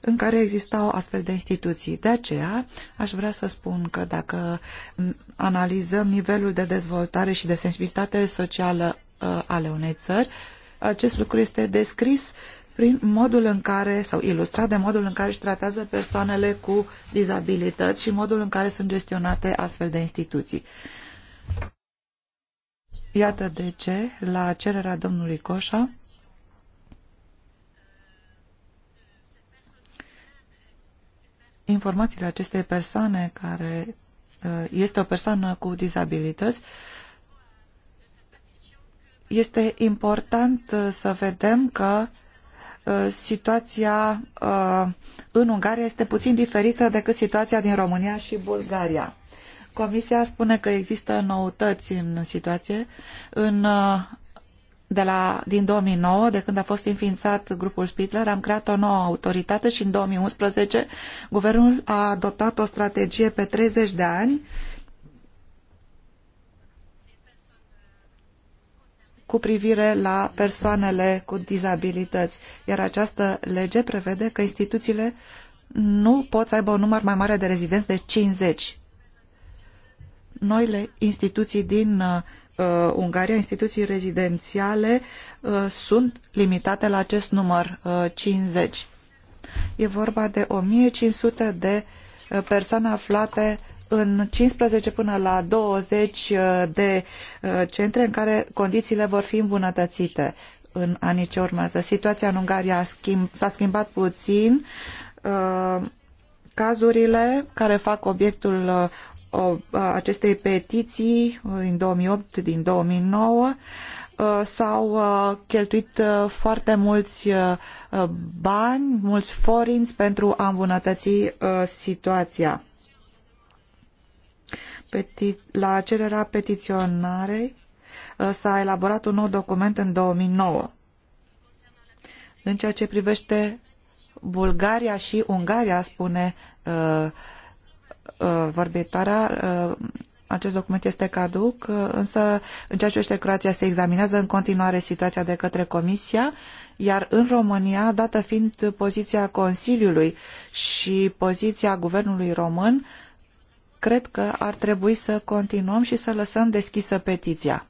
în care existau astfel de instituții. De aceea, aș vrea să spun că dacă analizăm nivelul de dezvoltare și de sensibilitate socială uh, ale unei țări, acest lucru este descris prin modul în care, sau ilustrat de modul în care își tratează persoanele cu dizabilități și modul în care sunt gestionate astfel de instituții. Iată de ce, la cererea domnului Coșa, informațiile acestei persoane care uh, este o persoană cu dizabilități, este important uh, să vedem că Uh, situația uh, în Ungaria este puțin diferită decât situația din România și Bulgaria. Comisia spune că există noutăți în situație. În, uh, de la, din 2009, de când a fost înființat grupul Spitler, am creat o nouă autoritate și în 2011 guvernul a adoptat o strategie pe 30 de ani uh, cu privire la persoanele cu dizabilități, iar această lege prevede că instituțiile nu pot să aibă un număr mai mare de rezidenți de 50. Noile instituții din uh, Ungaria, instituții rezidențiale, uh, sunt limitate la acest număr uh, 50. E vorba de 1500 de uh, persoane aflate uh, în 15 până la 20 uh, de uh, centre în care condițiile vor fi îmbunătățite în anii ce urmează. Situația în Ungaria s-a schimbat puțin. Uh, cazurile care fac obiectul acestei petiții din 2008, din 2009, s-au cheltuit foarte mulți bani, mulți forinți pentru a îmbunătăți situația la cererea petiționarei uh, s-a elaborat un nou document în 2009. În ceea ce privește Bulgaria și Ungaria, spune uh, uh, vorbitoarea, uh, acest document este caduc, uh, însă în ceea ce privește Croația se examinează în continuare situația de către Comisia, iar în România, dată fiind poziția Consiliului și poziția Guvernului Român, cred că ar trebui să continuăm și să lăsăm deschisă petiția.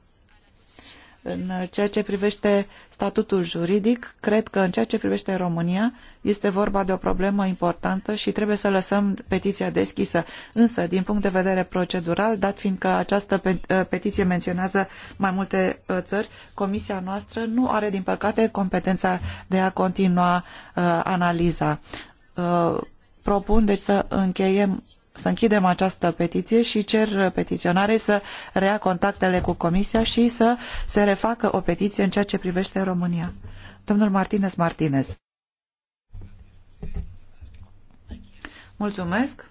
În ceea ce privește statutul juridic, cred că în ceea ce privește România este vorba de o problemă importantă și trebuie să lăsăm petiția deschisă. Însă, din punct de vedere procedural, dat fiindcă această ă, petiție menționează mai multe ă, țări, comisia noastră nu are, din păcate, competența de a continua uh, analiza. Uh, propun deci să încheiem să închidem această petiție și cer petiționarei să rea contactele cu Comisia și să se refacă o petiție în ceea ce privește România. Domnul Martinez Martinez. Mulțumesc.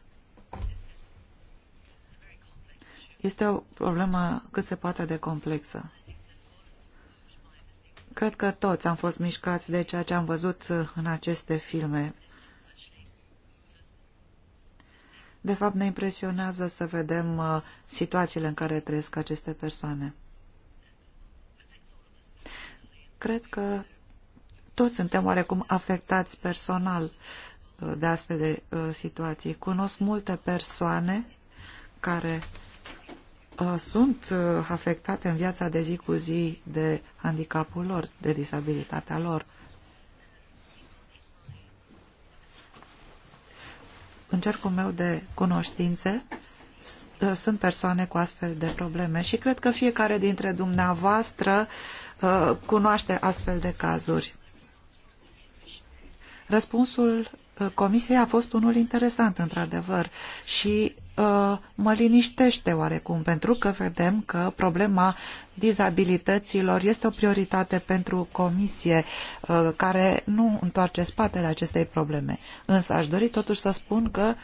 Este o problemă cât se poate de complexă. Cred că toți am fost mișcați de ceea ce am văzut în aceste filme De fapt, ne impresionează să vedem uh, situațiile în care trăiesc aceste persoane. Cred că toți suntem oarecum afectați personal uh, de astfel de uh, situații. Cunosc multe persoane care sunt afectate în viața de zi cu zi de handicapul lor, de disabilitatea lor. în cercul meu de cunoștințe ă, sunt persoane cu astfel de probleme și cred că fiecare dintre dumneavoastră ă, cunoaște astfel de cazuri. Răspunsul ă, Comisiei a fost unul interesant, într-adevăr, și Uh, mă liniștește oarecum, pentru că vedem că problema dizabilităților este o prioritate pentru comisie uh, care nu întoarce spatele acestei probleme. Însă aș dori totuși să spun că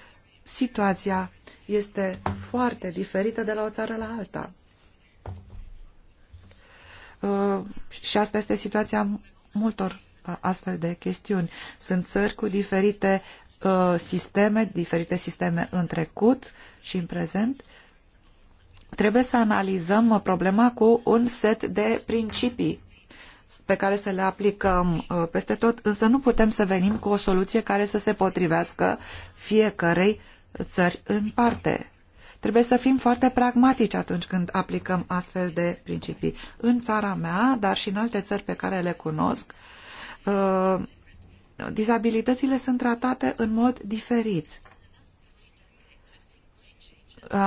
situația este foarte diferită de la o țară la alta. Uh, și asta este situația multor astfel de chestiuni. Sunt țări cu diferite Uh, sisteme, diferite sisteme în trecut și în prezent, trebuie să analizăm problema cu un set de principii pe care să le aplicăm uh, peste tot, însă nu putem să venim cu o soluție care să se potrivească fiecărei țări în parte. Trebuie să fim foarte pragmatici atunci când aplicăm astfel de principii. În țara mea, dar și în alte țări pe care le cunosc, uh, dizabilitățile sunt tratate în mod diferit.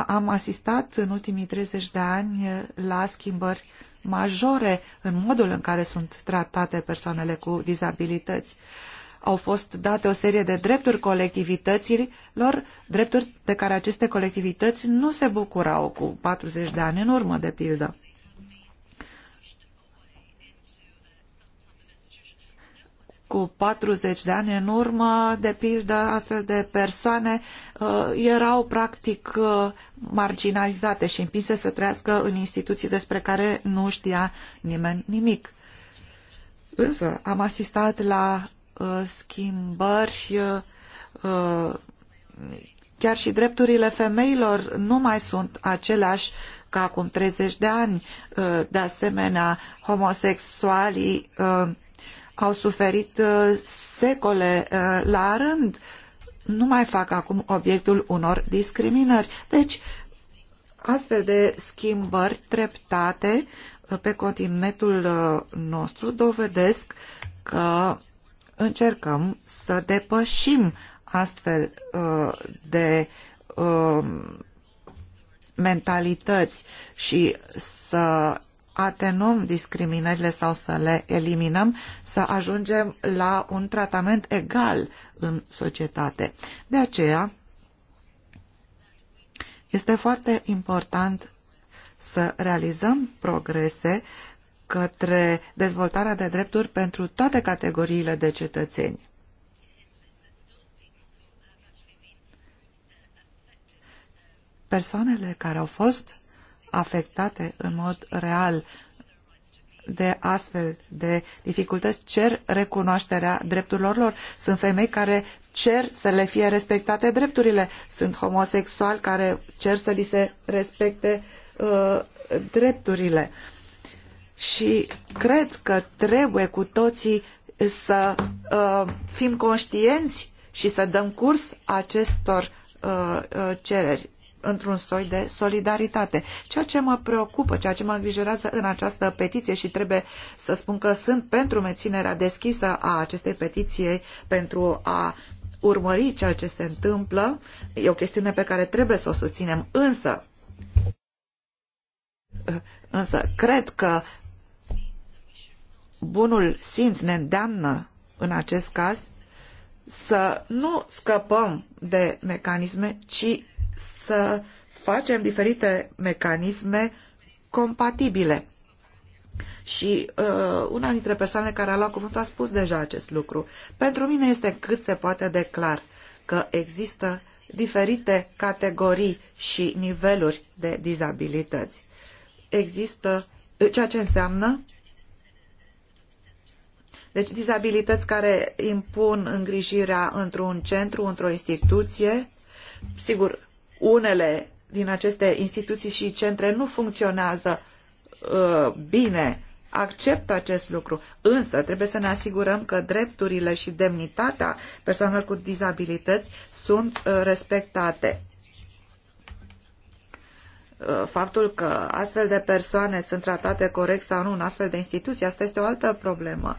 Am asistat în ultimii 30 de ani la schimbări majore în modul în care sunt tratate persoanele cu dizabilități. Au fost date o serie de drepturi colectivităților, drepturi de care aceste colectivități nu se bucurau cu 40 de ani în urmă, de pildă. cu 40 de ani în urmă, de pildă, astfel de persoane uh, erau practic uh, marginalizate și împinse să trăiască în instituții despre care nu știa nimeni nimic. Însă am asistat la uh, schimbări chiar și drepturile femeilor nu mai sunt aceleași ca acum 30 de ani. De asemenea, homosexualii au suferit uh, secole uh, la rând, nu mai fac acum obiectul unor discriminări. Deci, astfel de schimbări treptate uh, pe continentul nostru dovedesc că încercăm să depășim astfel de mentalități și să atenuăm discriminările sau să le eliminăm, să ajungem la un tratament egal în societate. De aceea, este foarte important să realizăm progrese către dezvoltarea de drepturi pentru toate categoriile de cetățeni. Persoanele care au fost afectate în mod real de astfel de dificultăți cer recunoașterea drepturilor lor. Sunt femei care cer să le fie respectate drepturile. Sunt homosexuali care cer să li se respecte uh, drepturile. Și cred că trebuie cu toții să uh, fim conștienți și să dăm curs acestor uh, uh cereri într-un soi de solidaritate. Ceea ce mă preocupă, ceea ce mă îngrijorează în această petiție și trebuie să spun că sunt pentru menținerea deschisă a acestei petiții pentru a urmări ceea ce se întâmplă. E o chestiune pe care trebuie să o susținem, însă însă cred că bunul simț ne îndeamnă în acest caz să nu scăpăm de mecanisme, ci să facem diferite mecanisme compatibile. Și uh, una dintre persoanele care a luat cuvântul a spus deja acest lucru. Pentru mine este cât se poate de clar că există diferite categorii și niveluri de dizabilități. Există uh, ceea ce înseamnă deci dizabilități care impun îngrijirea într-un centru, într-o instituție, sigur, unele din aceste instituții și centre nu funcționează uh, bine. Accept acest lucru, însă trebuie să ne asigurăm că drepturile și demnitatea persoanelor cu dizabilități sunt uh, respectate. Uh, faptul că astfel de persoane sunt tratate corect sau nu în astfel de instituții, asta este o altă problemă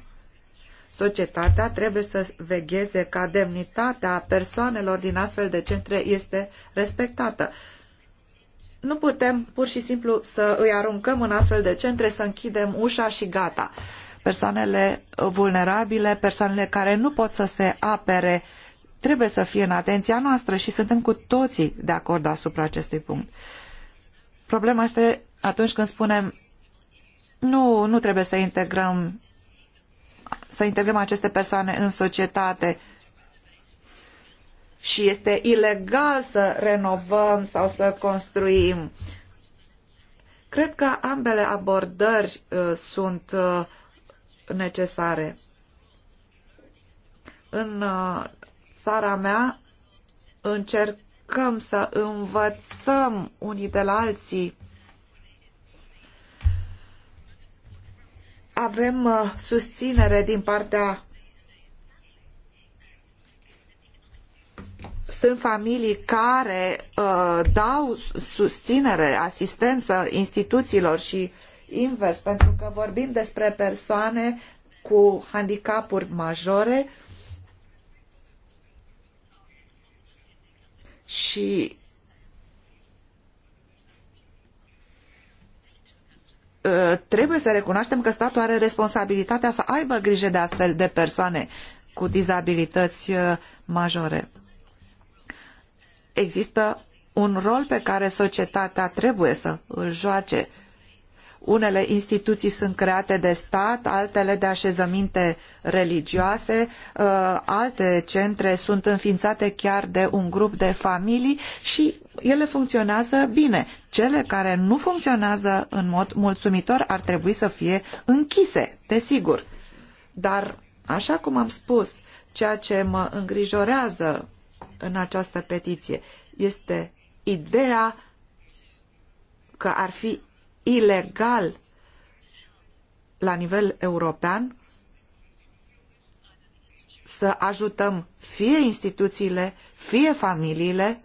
Societatea trebuie să vegheze ca demnitatea persoanelor din astfel de centre este respectată. Nu putem pur și simplu să îi aruncăm în astfel de centre, să închidem ușa și gata. Persoanele vulnerabile, persoanele care nu pot să se apere, trebuie să fie în atenția noastră și suntem cu toții de acord asupra acestui punct. Problema este atunci când spunem nu, nu trebuie să integrăm să integrăm aceste persoane în societate și este ilegal să renovăm sau să construim. Cred că ambele abordări uh, sunt uh, necesare. În uh, țara mea încercăm să învățăm unii de la alții avem uh, susținere din partea sunt familii care uh, dau susținere, asistență instituțiilor și invers, pentru că vorbim despre persoane cu handicapuri majore și Uh, trebuie să recunoaștem că statul are responsabilitatea să aibă grijă de astfel de persoane cu dizabilități uh, majore. Există un rol pe care societatea trebuie să îl joace unele instituții sunt create de stat, altele de așezăminte religioase, uh, alte centre sunt înființate chiar de un grup de familii și ele funcționează bine. Cele care nu funcționează în mod mulțumitor ar trebui să fie închise, desigur. Dar, așa cum am spus, ceea ce mă îngrijorează în această petiție este ideea că ar fi ilegal la nivel european să ajutăm fie instituțiile, fie familiile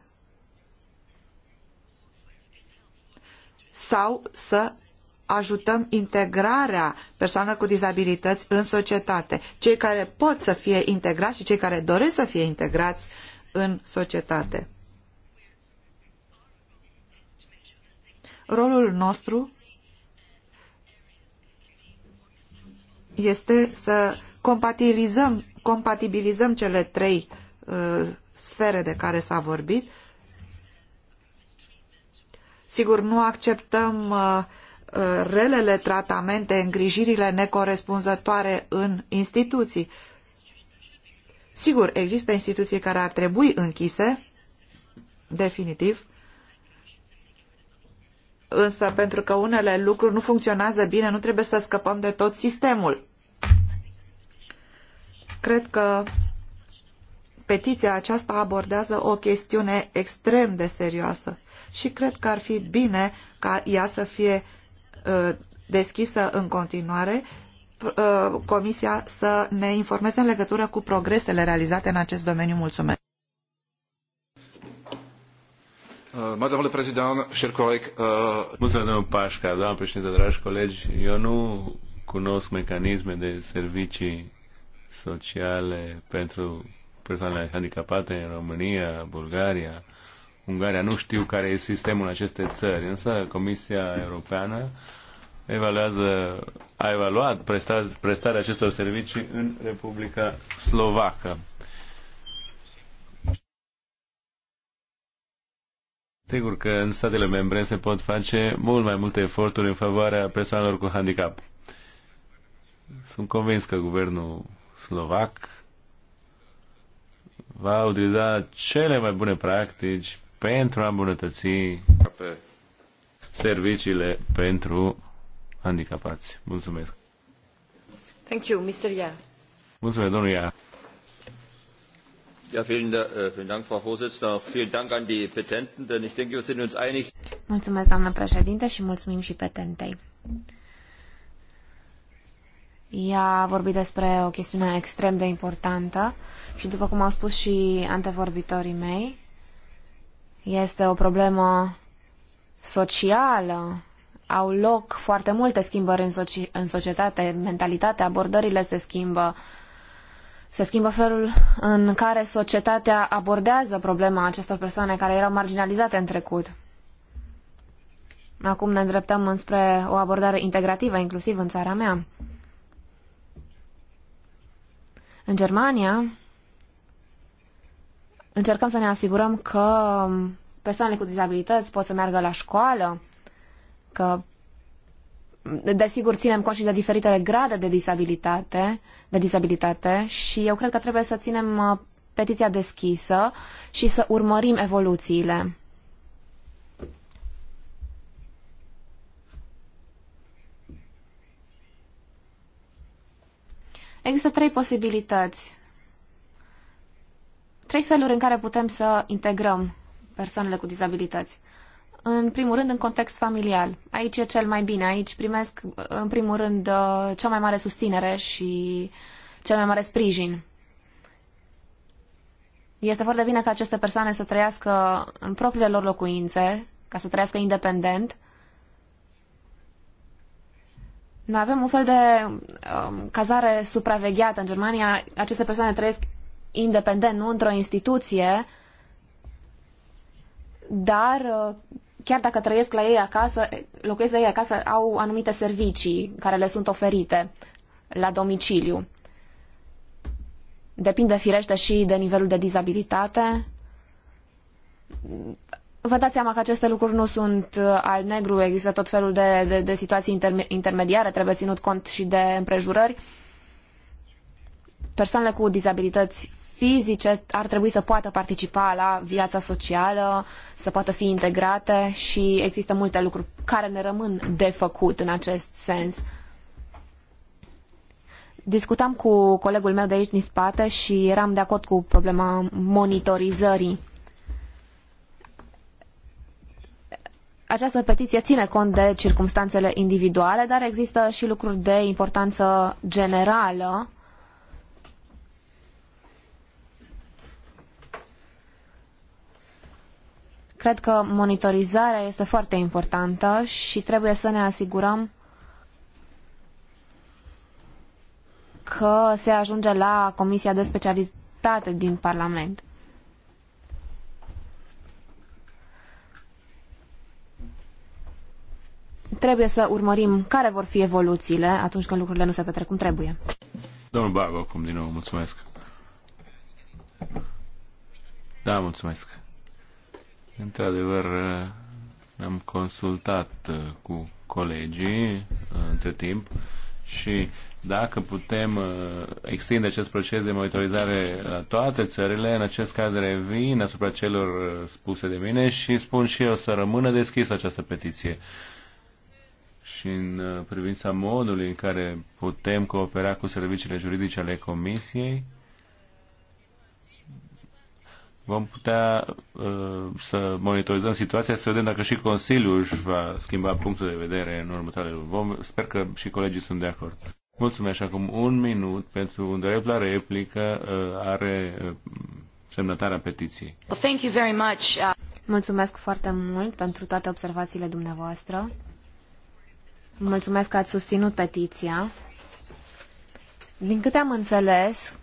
sau să ajutăm integrarea persoanelor cu dizabilități în societate. Cei care pot să fie integrați și cei care doresc să fie integrați în societate. Rolul nostru este să compatibilizăm, compatibilizăm cele trei uh, sfere de care s-a vorbit. Sigur, nu acceptăm uh, uh relele tratamente, îngrijirile necorespunzătoare în instituții. Sigur, există instituții care ar trebui închise, definitiv, însă pentru că unele lucruri nu funcționează bine, nu trebuie să scăpăm de tot sistemul. Cred că petiția aceasta abordează o chestiune extrem de serioasă și cred că ar fi bine ca ea să fie ă, deschisă în continuare, ă, Comisia să ne informeze în legătură cu progresele realizate în acest domeniu. Mulțumesc! Euh, Domnule Președinte, Président, cher coleg... Euh, Mulțumesc, domnul Pașca, doamnă președinte, dragi colegi. Eu nu cunosc mecanisme de servicii sociale pentru persoanele handicapate în România, Bulgaria, Ungaria. Nu știu care e sistemul în aceste țări, însă Comisia Europeană evaluează, a evaluat prestarea acestor servicii în Republica Slovacă. Sigur că în statele membre se pot face mult mai multe eforturi în favoarea persoanelor cu handicap. Sunt convins că guvernul slovac va utiliza cele mai bune practici pentru a îmbunătăți serviciile pentru handicapați. Mulțumesc. Thank you, Mr. Ia. Mulțumesc, domnul Ia. Ja, vielen, uh, vielen Dank, Frau Vorsitzende. Auch vielen Dank an die Petenten, denn ich denke, wir sind uns einig. Mulțumesc, doamnă președinte, și mulțumim și petentei. Ea a vorbit despre o chestiune extrem de importantă și, după cum au spus și antevorbitorii mei, este o problemă socială. Au loc foarte multe schimbări în, soci- în societate, mentalitatea, abordările se schimbă. Uh, se schimbă felul în care societatea abordează problema acestor persoane care erau marginalizate în trecut. Acum ne îndreptăm înspre o abordare integrativă, inclusiv în țara mea. În Germania încercăm să ne asigurăm că persoanele cu dizabilități pot să meargă la școală, că Desigur, ținem cont și de diferitele grade de disabilitate, de disabilitate și eu cred că trebuie să ținem uh, petiția deschisă și să urmărim evoluțiile. Există trei posibilități, trei feluri în care putem să integrăm persoanele cu dizabilități în primul rând, în context familial. Aici e cel mai bine. Aici primesc, în primul rând, uh, cea mai mare susținere și cel mai mare sprijin. Este foarte bine ca aceste persoane să trăiască în propriile lor locuințe, ca să trăiască independent. Noi avem un fel de um, cazare supravegheată în Germania. Aceste persoane trăiesc independent, nu într-o instituție, dar uh, chiar dacă trăiesc la ei acasă, locuiesc la ei acasă, au anumite servicii care le sunt oferite la domiciliu. Depinde firește și de nivelul de dizabilitate. Vă dați seama că aceste lucruri nu sunt uh, al negru, există tot felul de, de, de situații interme intermediare, trebuie ținut cont și de împrejurări. Persoanele cu dizabilități fizice ar trebui să poată participa la viața socială, să poată fi integrate și există multe lucruri care ne rămân de făcut în acest sens. Discutam cu colegul meu de aici din spate și eram de acord cu problema monitorizării. această petiție ține cont de circumstanțele individuale, dar există și lucruri de importanță generală Cred că monitorizarea este foarte importantă și trebuie să ne asigurăm că se ajunge la Comisia de Specialitate din Parlament. Trebuie să urmărim care vor fi evoluțiile atunci când lucrurile nu se petrec cum trebuie. Domnul Bago, acum din nou, mulțumesc. Da, mulțumesc. Într-adevăr, am consultat uh, cu colegii uh, între timp și dacă putem uh, extinde acest proces de monitorizare la toate țările, în acest caz revin asupra celor spuse de mine și spun și eu să rămână deschisă această petiție. Și în privința modului în care putem coopera cu serviciile juridice ale Comisiei, vom putea uh, să monitorizăm situația, să vedem dacă și Consiliul își va schimba punctul de vedere în următoarele luni. Vom, sper că și colegii sunt de acord. Mulțumesc. Acum un minut pentru un drept la replică uh, are uh, semnătarea petiției. Well, thank you very much. Uh... Mulțumesc foarte mult pentru toate observațiile dumneavoastră. Mulțumesc că ați susținut petiția. Din câte am înțeles,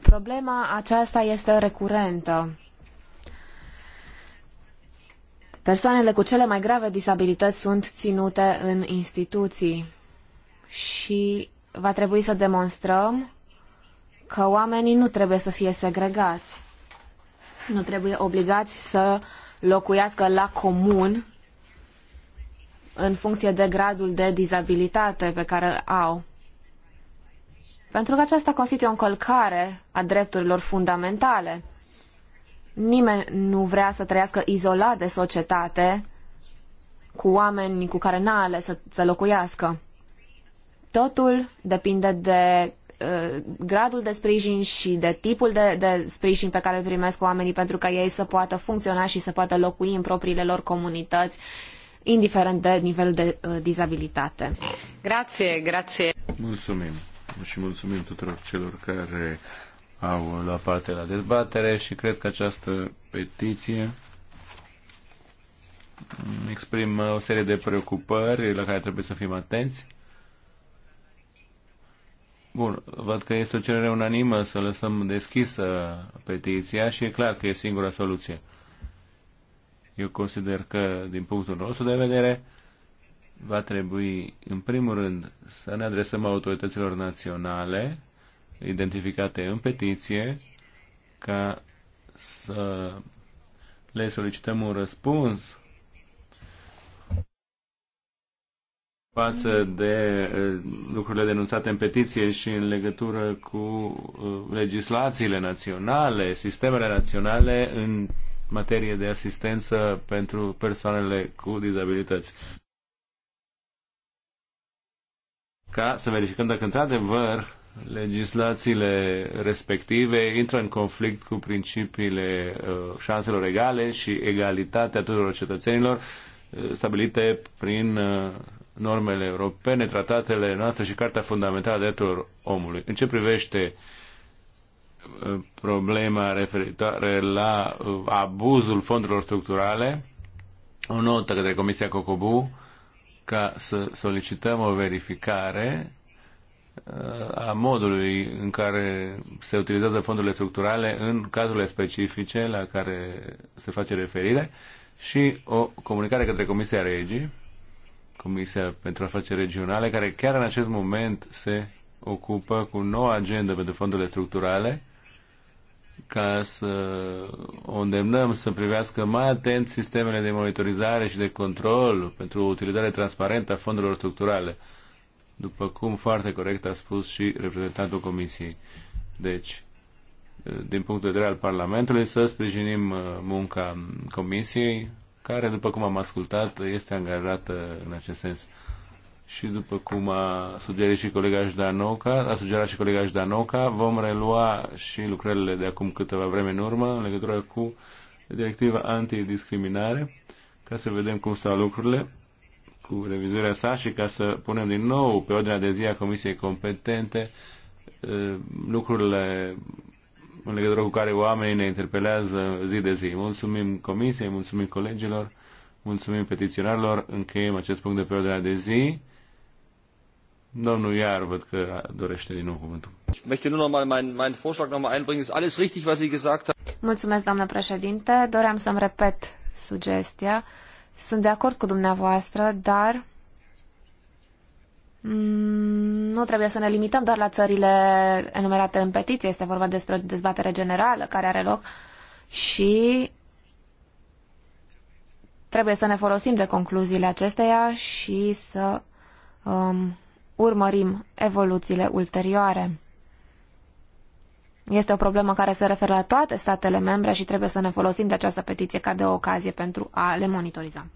Problema aceasta este recurentă. Persoanele cu cele mai grave disabilități sunt ținute în instituții și va trebui să demonstrăm că oamenii nu trebuie să fie segregați. Nu trebuie obligați să locuiască la comun în funcție de gradul de dizabilitate pe care îl au pentru că aceasta constituie o încălcare a drepturilor fundamentale. Nimeni nu vrea să trăiască izolat de societate cu oameni cu care n-a ales să, să locuiască. Totul depinde de uh, gradul de sprijin și de tipul de, de sprijin pe care îl primesc oamenii pentru ca ei să poată funcționa și să poată locui în propriile lor comunități, indiferent de nivelul de uh, dizabilitate. Grație, grație. Mulțumim și mulțumim tuturor celor care au luat parte la dezbatere și cred că această petiție exprimă o serie de preocupări la care trebuie să fim atenți. Bun, văd că este o cerere unanimă să lăsăm deschisă petiția și e clar că e singura soluție. Eu consider că, din punctul nostru de vedere, va trebui, în primul rând, să ne adresăm autorităților naționale identificate în petiție ca să le solicităm un răspuns față de eh, lucrurile denunțate în petiție și în legătură cu eh, legislațiile naționale, sistemele naționale în materie de asistență pentru persoanele cu dizabilități. ca să verificăm dacă într-adevăr legislațiile respective intră în conflict cu principiile uh, șanselor egale și egalitatea tuturor cetățenilor uh, stabilite prin uh, normele europene, tratatele noastre și Carta Fundamentală a Drepturilor Omului. În ce privește problema referitoare la abuzul fondurilor structurale, o notă către Comisia Cocobu ca să solicităm o verificare uh, a modului în care se utilizează fondurile structurale în cazurile specifice la care se face referire și o comunicare către Comisia Regii, Comisia pentru Afaceri Regionale, care chiar în acest moment se ocupă cu noua agendă pentru fondurile structurale ca să o îndemnăm să privească mai atent sistemele de monitorizare și de control pentru utilizare transparentă a fondurilor structurale, după cum foarte corect a spus și reprezentantul Comisiei. Deci, din punct de vedere al Parlamentului, să sprijinim uh, munca Comisiei, care, după cum am ascultat, este angajată în acest sens și după cum a sugerat și colega Jdanoca, a sugerat și colega Jdanoca, vom relua și lucrările de acum câteva vreme în urmă în legătură cu directiva antidiscriminare, ca să vedem cum stau lucrurile cu revizuirea sa și ca să punem din nou pe ordinea de zi a Comisiei competente lucrurile în legătură cu care oamenii ne interpelează zi de zi. Mulțumim Comisiei, mulțumim colegilor, mulțumim petiționarilor, încheiem acest punct de pe ordinea de zi Domnul Iar, văd că dorește din nou cuvântul. Mulțumesc, doamnă președinte. Doream să-mi repet sugestia. Sunt de acord cu dumneavoastră, dar mm, nu trebuie să ne limităm doar la țările enumerate în petiție. Este vorba despre o dezbatere generală care are loc și trebuie să ne folosim de concluziile acesteia și să um, urmărim evoluțiile ulterioare. Este o problemă care se referă la toate statele membre și trebuie să ne folosim de această petiție ca de o ocazie pentru a le monitoriza.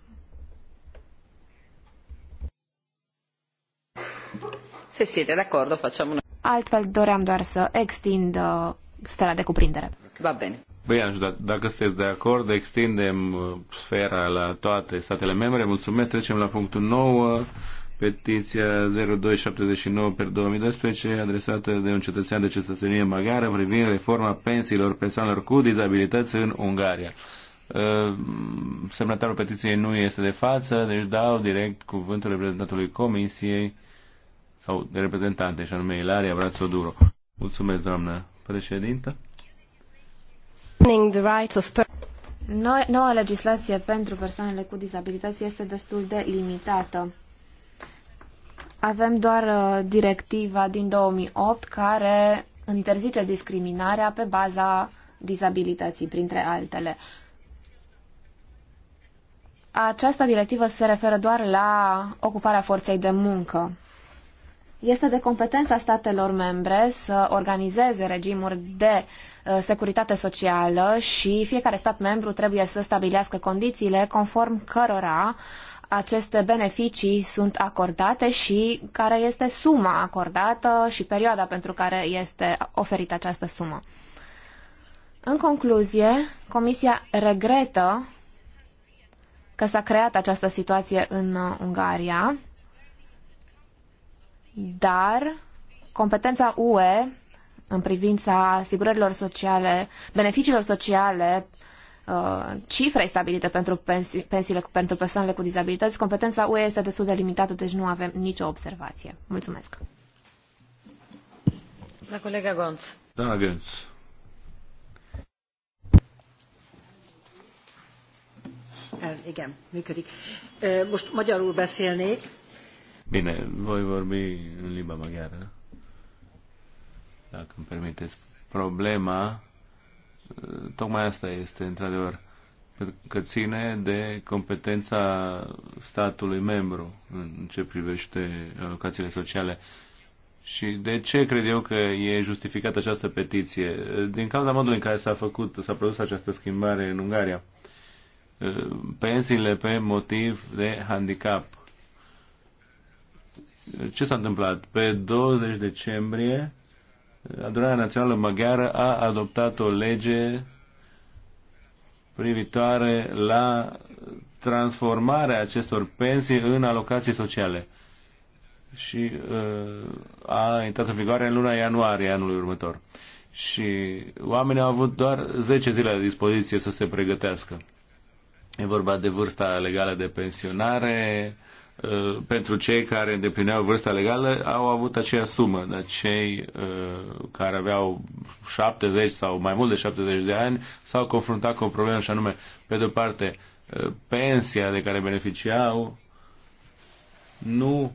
Se siete d'accordo, facciamo una... Altfel doream doar să extind uh, sfera de cuprindere. Va bene. Băi, ajutat. Da- dacă sunteți de acord, extindem uh, sfera la toate statele membre. Mulțumesc, trecem la punctul 9 petiția 0279 per 2012 adresată de un cetățean de cetățenie maghiară privind reforma pensiilor persoanelor cu dizabilități în Ungaria. Uh, semnatarul petiției nu este de față, deci dau direct cuvântul reprezentantului Comisiei sau de reprezentante, și anume Ilaria Brațoduro. Mulțumesc, doamnă președintă. Noua legislație pentru persoanele cu dizabilități este destul de limitată. Avem doar uh, directiva din 2008 care interzice discriminarea pe baza dizabilității, printre altele. Această directivă se referă doar la ocuparea forței de muncă. Este de competența statelor membre să organizeze regimuri de uh, securitate socială și fiecare stat membru trebuie să stabilească condițiile conform cărora uh, aceste beneficii sunt acordate și care este suma acordată și perioada pentru care este oferită această sumă. În concluzie, Comisia regretă că s-a creat această situație în uh, Ungaria, dar competența UE în privința asigurărilor sociale, beneficiilor sociale Uh, cifrei stabilite pentru pensi, pensiile pentru persoanele cu dizabilități, competența UE este destul de limitată, deci nu avem nicio observație. Mulțumesc. La colega Gonț. Doamna Gânț. Eh, igen, működik. Eh, most magyarul beszélnék. Bine, voi vorbi în limba maghiară, dacă îmi permiteți. Problema tocmai asta este, într-adevăr, că ține de competența statului membru în ce privește alocațiile sociale. Și de ce cred eu că e justificată această petiție? Din cauza modului în care s-a făcut, s-a produs această schimbare în Ungaria. Pensiile pe motiv de handicap. Ce s-a întâmplat? Pe 20 decembrie Adunarea Națională Maghiară a adoptat o lege privitoare la transformarea acestor pensii în alocații sociale și uh, a intrat în vigoare în luna ianuarie anului următor. Și oamenii au avut doar 10 zile la dispoziție să se pregătească. E vorba de vârsta legală de pensionare, uh, Uh, pentru cei care îndeplineau vârsta legală au avut aceeași sumă, dar cei uh, care aveau 70 sau mai mult de 70 de ani s-au confruntat cu o problemă și anume, pe de-o parte, uh, pensia de care beneficiau nu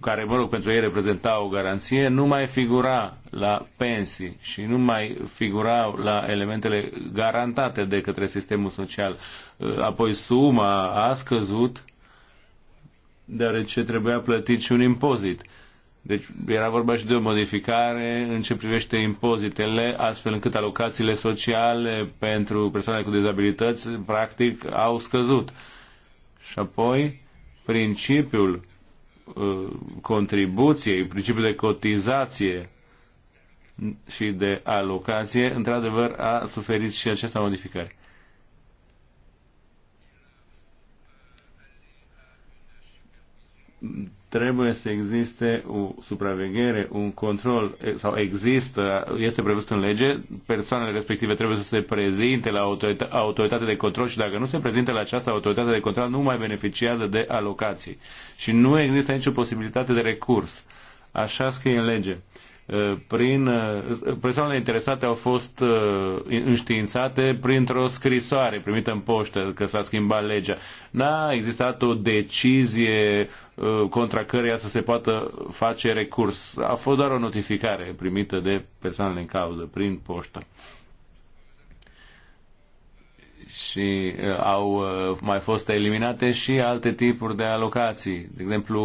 care, mă rog, pentru ei reprezenta o garanție, nu mai figura la pensii și nu mai figura la elementele garantate de către sistemul social. Apoi suma a scăzut deoarece trebuia plătit și un impozit. Deci era vorba și de o modificare în ce privește impozitele, astfel încât alocațiile sociale pentru persoanele cu dizabilități, practic, au scăzut. Și apoi, principiul uh, contribuției, principiul de cotizație și de alocație, într-adevăr, a suferit și această modificare. trebuie să existe o supraveghere, un control sau există, este prevăzut în lege, persoanele respective trebuie să se prezinte la autorita- autoritate de control și dacă nu se prezinte la această autoritate de control nu mai beneficiază de alocații și nu există nicio posibilitate de recurs. Așa scrie în lege. Uh, prin persoanele interesate au fost uh, înștiințate printr-o scrisoare primită în poștă că s-a schimbat legea. N-a existat o decizie uh, contra căreia să se poată face recurs. A fost doar o notificare primită de persoanele în cauză prin poștă și uh, au uh, mai fost eliminate și alte tipuri de alocații, de exemplu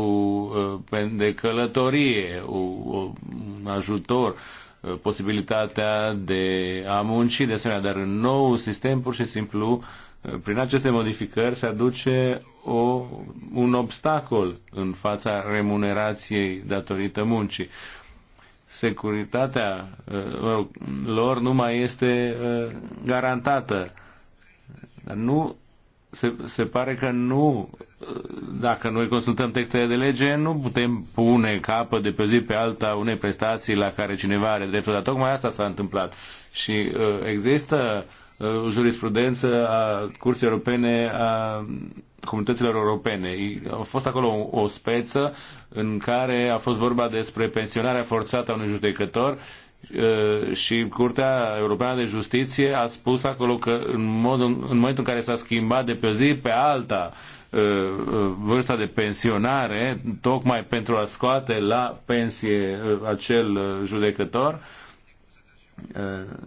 uh, de călătorie, un ajutor, posibilitatea de a munci de asemenea, dar în nou sistem pur și simplu prin aceste modificări se aduce o, un obstacol în fața remunerației datorită muncii. Securitatea uh, lor nu mai este garantată dar nu se, se pare că nu, dacă noi consultăm textele de lege, nu putem pune capăt de pe zi pe alta unei prestații la care cineva are dreptul, dar tocmai asta s-a întâmplat. Și uh, există uh, jurisprudență a Curții Europene, a comunităților europene. A fost acolo o, o speță în care a fost vorba despre pensionarea forțată a unui judecător uh, Uh, și Curtea Europeană de Justiție a spus acolo că în, modul, în momentul în care s-a schimbat de pe o zi pe alta uh, uh, vârsta de pensionare, tocmai pentru a scoate la pensie acel judecător,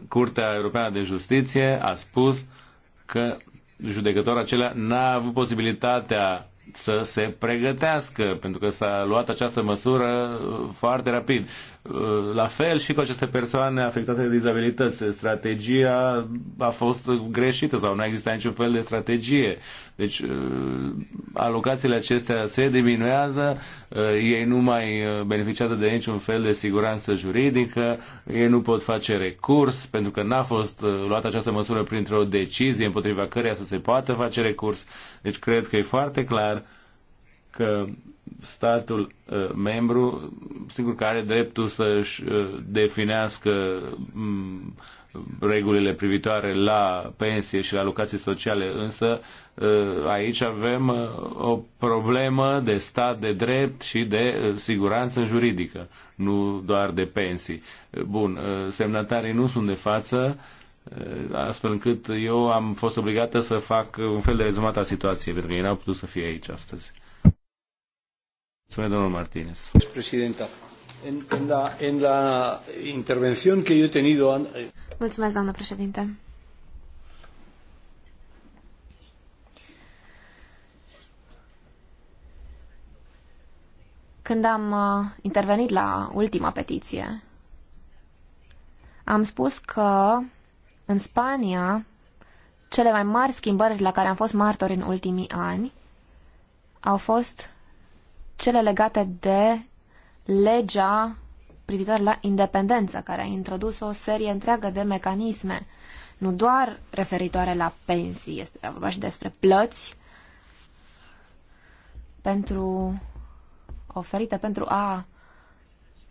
Curtea Europeană de Justiție a spus că judecătorul acela n-a avut posibilitatea să se pregătească, pentru că s-a luat această măsură foarte rapid la fel și cu aceste persoane afectate de dizabilități. Strategia a fost greșită sau nu a existat niciun fel de strategie. Deci uh, alocațiile acestea se diminuează, uh, ei nu mai uh, beneficiază de niciun fel de siguranță juridică, ei nu pot face recurs pentru că n-a fost luată această măsură printr-o decizie împotriva căreia să se poată face recurs. Deci cred că e foarte clar că statul uh, membru, sigur că are dreptul să-și uh, definească mm, regulile privitoare la pensie și la locații sociale, însă uh, aici avem o problemă de stat de drept și de siguranță juridică, nu doar de pensii. Bun, semnatarii nu sunt de față, astfel încât eu am fost obligată să fac un fel de rezumat a situației, pentru că ei n-au putut să fie aici astăzi. Mulțumesc, domnul Martinez. Președinta, în, la, în la intervențion que yo he tenido... Mulțumesc, doamnă președinte. Când am uh, intervenit la ultima petiție, am spus că în Spania cele mai mari schimbări la care am fost martori în ultimii ani au fost cele legate de legea privitor la independență, care a introdus o serie întreagă de mecanisme, nu doar referitoare la pensii, este vorba și despre plăți pentru oferite pentru a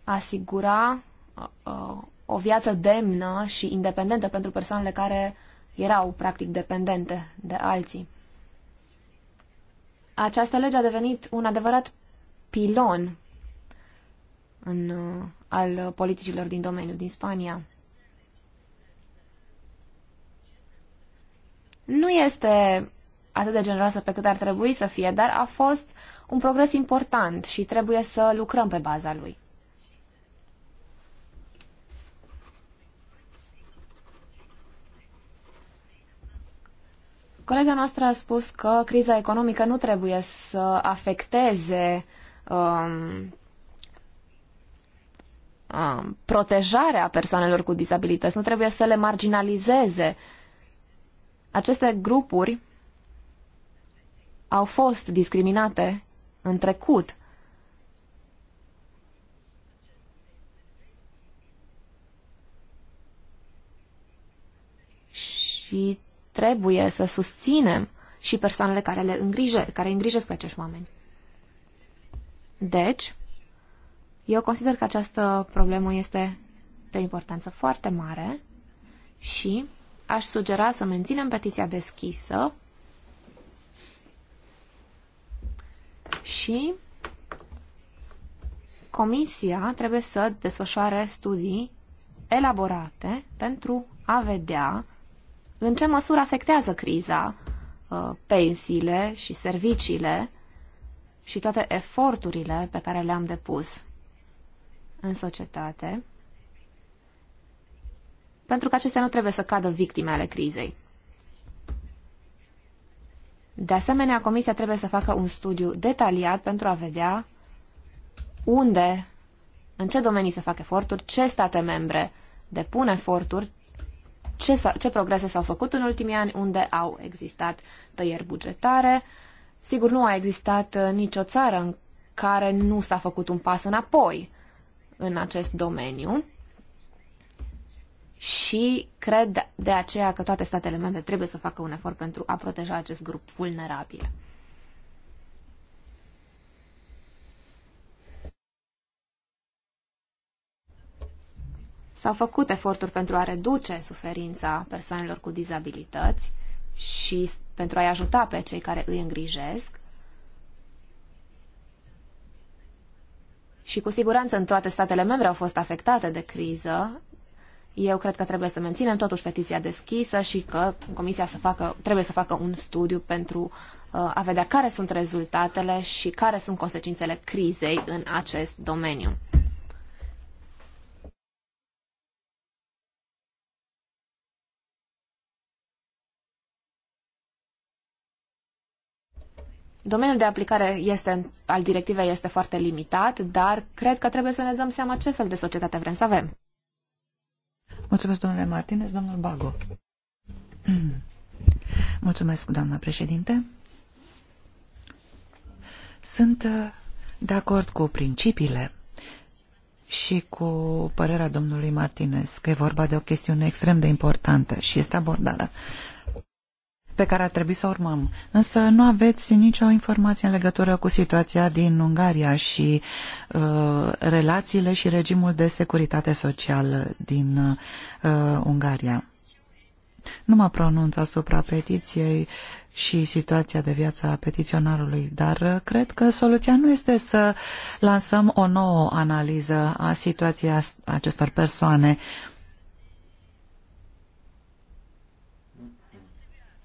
asigura uh, uh, o viață demnă și independentă pentru persoanele care erau practic dependente de alții. Această lege a devenit un adevărat pilon în, uh, al politicilor din domeniu din Spania. Nu este atât de generoasă pe cât ar trebui să fie, dar a fost un progres important și trebuie să lucrăm pe baza lui. Colega noastră a spus că criza economică nu trebuie să afecteze um, um, protejarea persoanelor cu disabilități, nu trebuie să le marginalizeze. Aceste grupuri au fost discriminate în trecut. Și trebuie să susținem și persoanele care le îngrijă, care îngrijesc pe acești oameni. Deci, eu consider că această problemă este de importanță foarte mare și aș sugera să menținem petiția deschisă și comisia trebuie să desfășoare studii elaborate pentru a vedea în ce măsură afectează criza uh, pensiile și serviciile și toate eforturile pe care le-am depus în societate, pentru că acestea nu trebuie să cadă victime ale crizei. De asemenea, Comisia trebuie să facă un studiu detaliat pentru a vedea unde, în ce domenii se fac eforturi, ce state membre depun eforturi, ce, ce progrese s-au făcut în ultimii ani, unde au existat tăieri bugetare, uh, Sigur, nu a existat uh, nicio țară în care nu s-a făcut un pas înapoi în acest domeniu și cred de aceea că toate statele membre trebuie să facă un efort pentru a proteja acest grup vulnerabil. S-au făcut eforturi pentru a reduce suferința persoanelor cu dizabilități, și pentru a-i ajuta pe cei care îi îngrijesc. Și cu siguranță în toate statele membre au fost afectate de criză. Eu cred că trebuie să menținem totuși petiția deschisă și că comisia să facă, trebuie să facă un studiu pentru uh, a vedea care sunt rezultatele și care sunt consecințele crizei în acest domeniu. Domeniul de aplicare este, al directivei este foarte limitat, dar cred că trebuie să ne dăm seama ce fel de societate vrem să avem. Mulțumesc, domnule Martinez, domnul Bago. Mulțumesc, doamna președinte. Sunt uh, de acord cu principiile și cu părerea domnului Martinez că e vorba de o chestiune extrem de importantă și este abordarea pe care ar trebui să urmăm. Însă nu aveți nicio informație în legătură cu situația din Ungaria și uh, relațiile și regimul de securitate socială din uh, Ungaria. Nu mă pronunț asupra petiției și situația de viață a petiționarului, dar uh, cred că soluția nu este să lansăm o nouă analiză a situației acestor persoane. Uh,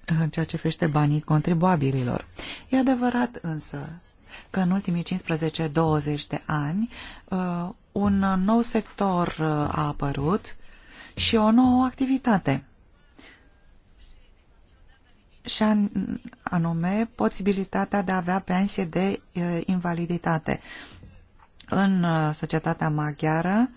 în ceea ce fește banii contribuabililor. E adevărat însă că în ultimii 15-20 de ani uh, un nou sector uh, a apărut și o nouă activitate. Și anume posibilitatea de a avea pensie de uh, invaliditate. În societatea maghiară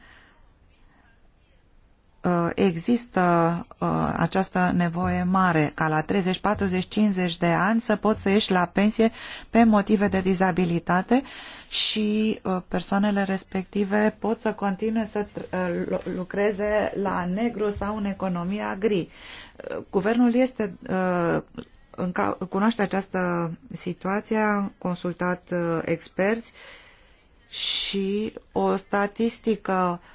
Uh, există uh, această nevoie mare ca la 30, 40, 50 de ani să poți să ieși la pensie pe motive de dizabilitate și uh, persoanele respective pot să continue să lucreze la negru sau în economia gri. Guvernul este cunoaște această situație, a consultat experți și o statistică uh,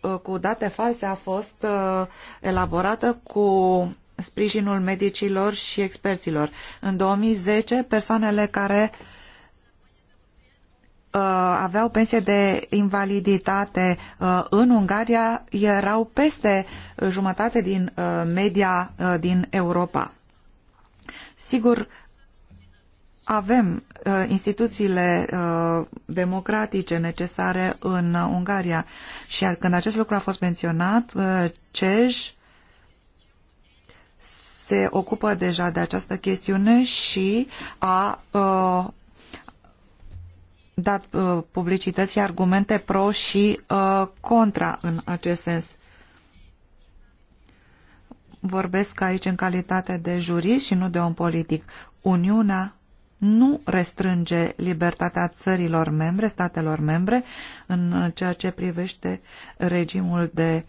Uh, cu date false a fost uh, elaborată cu sprijinul medicilor și experților. În 2010, persoanele care uh, aveau pensie de invaliditate în Ungaria erau peste jumătate din media din Europa. Sigur, avem uh, instituțiile uh, democratice necesare în uh, Ungaria și când acest lucru a fost menționat, uh, CEJ se ocupă deja de această chestiune și a uh, dat uh, publicității argumente pro și uh, contra în acest sens vorbesc aici în calitate de jurist și nu de om politic. Uniunea nu restrânge libertatea țărilor membre, statelor membre, în ceea ce privește regimul de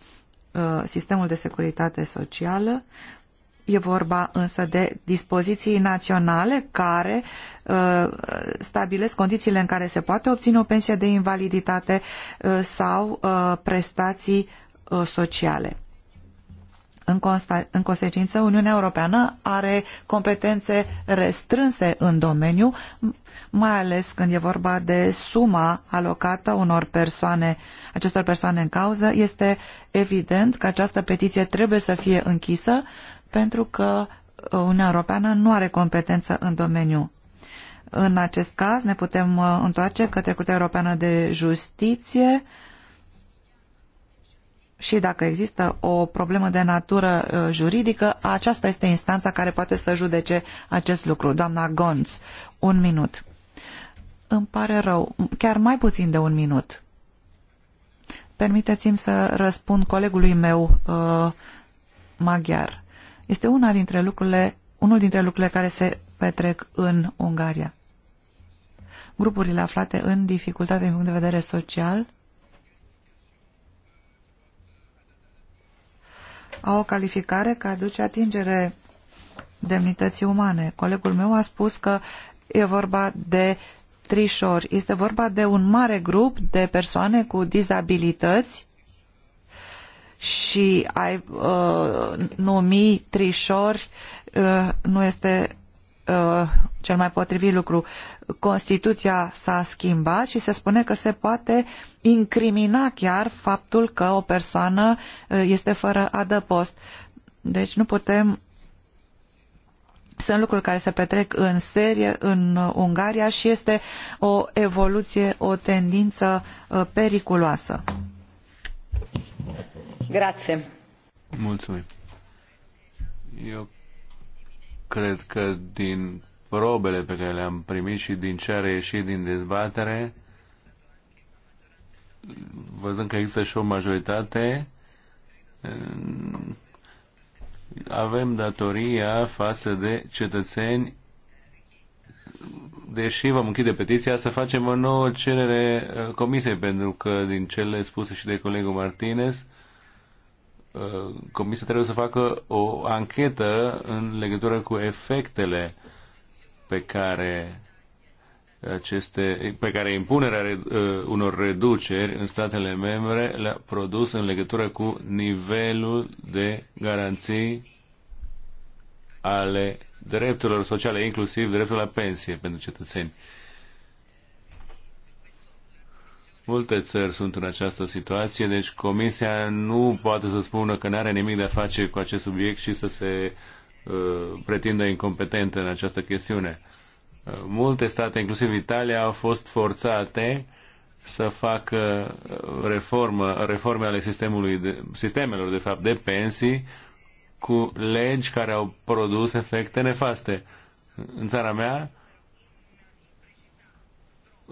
uh, sistemul de securitate socială. E vorba însă de dispoziții naționale care uh, stabilesc condițiile în care se poate obține o pensie de invaliditate uh, sau uh, prestații uh, sociale. În, consta, în consecință, Uniunea Europeană are competențe restrânse în domeniu, mai ales când e vorba de suma alocată unor persoane, acestor persoane în cauză. Este evident că această petiție trebuie să fie închisă pentru că Uniunea Europeană nu are competență în domeniu. În acest caz ne putem uh, întoarce către Curtea Europeană de Justiție, și dacă există o problemă de natură uh, juridică, aceasta este instanța care poate să judece acest lucru. Doamna Gonț, un minut. Îmi pare rău, chiar mai puțin de un minut. Permiteți-mi să răspund colegului meu uh, maghiar. Este una dintre lucrurile, unul dintre lucrurile care se petrec în Ungaria. Grupurile aflate în dificultate din punct de vedere social au o calificare care aduce atingere demnității umane. Colegul meu a spus că e vorba de trișori. Este vorba de un mare grup de persoane cu dizabilități și ai uh, numi trișori uh, nu este Uh, cel mai potrivit lucru. Constituția s-a schimbat și se spune că se poate incrimina chiar faptul că o persoană uh, este fără adăpost. Deci nu putem sunt lucruri care se petrec în serie în uh, Ungaria și este o evoluție, o tendință periculoasă. Grație. Mulțumim. Eu cred că din probele pe care le-am primit și din ce a reieșit din dezbatere, văzând că există și o majoritate, avem datoria față de cetățeni, deși vom închide petiția, să facem o nouă cerere uh, comisiei, pentru că din cele spuse și de colegul Martinez, Uh, comisia trebuie să facă o anchetă în legătură cu efectele pe care aceste, pe care impunerea uh, unor reduceri în statele membre le-a produs în legătură cu nivelul de garanții ale drepturilor sociale, inclusiv dreptul la pensie pentru cetățeni. Uh, Multe țări sunt în această situație, deci Comisia nu poate să spună că nu are nimic de a face cu acest subiect și să se uh, pretindă incompetentă în această chestiune. Uh, multe state, inclusiv Italia, au fost forțate să facă uh, reformă, reforme ale sistemului de, sistemelor de fapt de pensii cu legi care au produs efecte nefaste. În țara mea,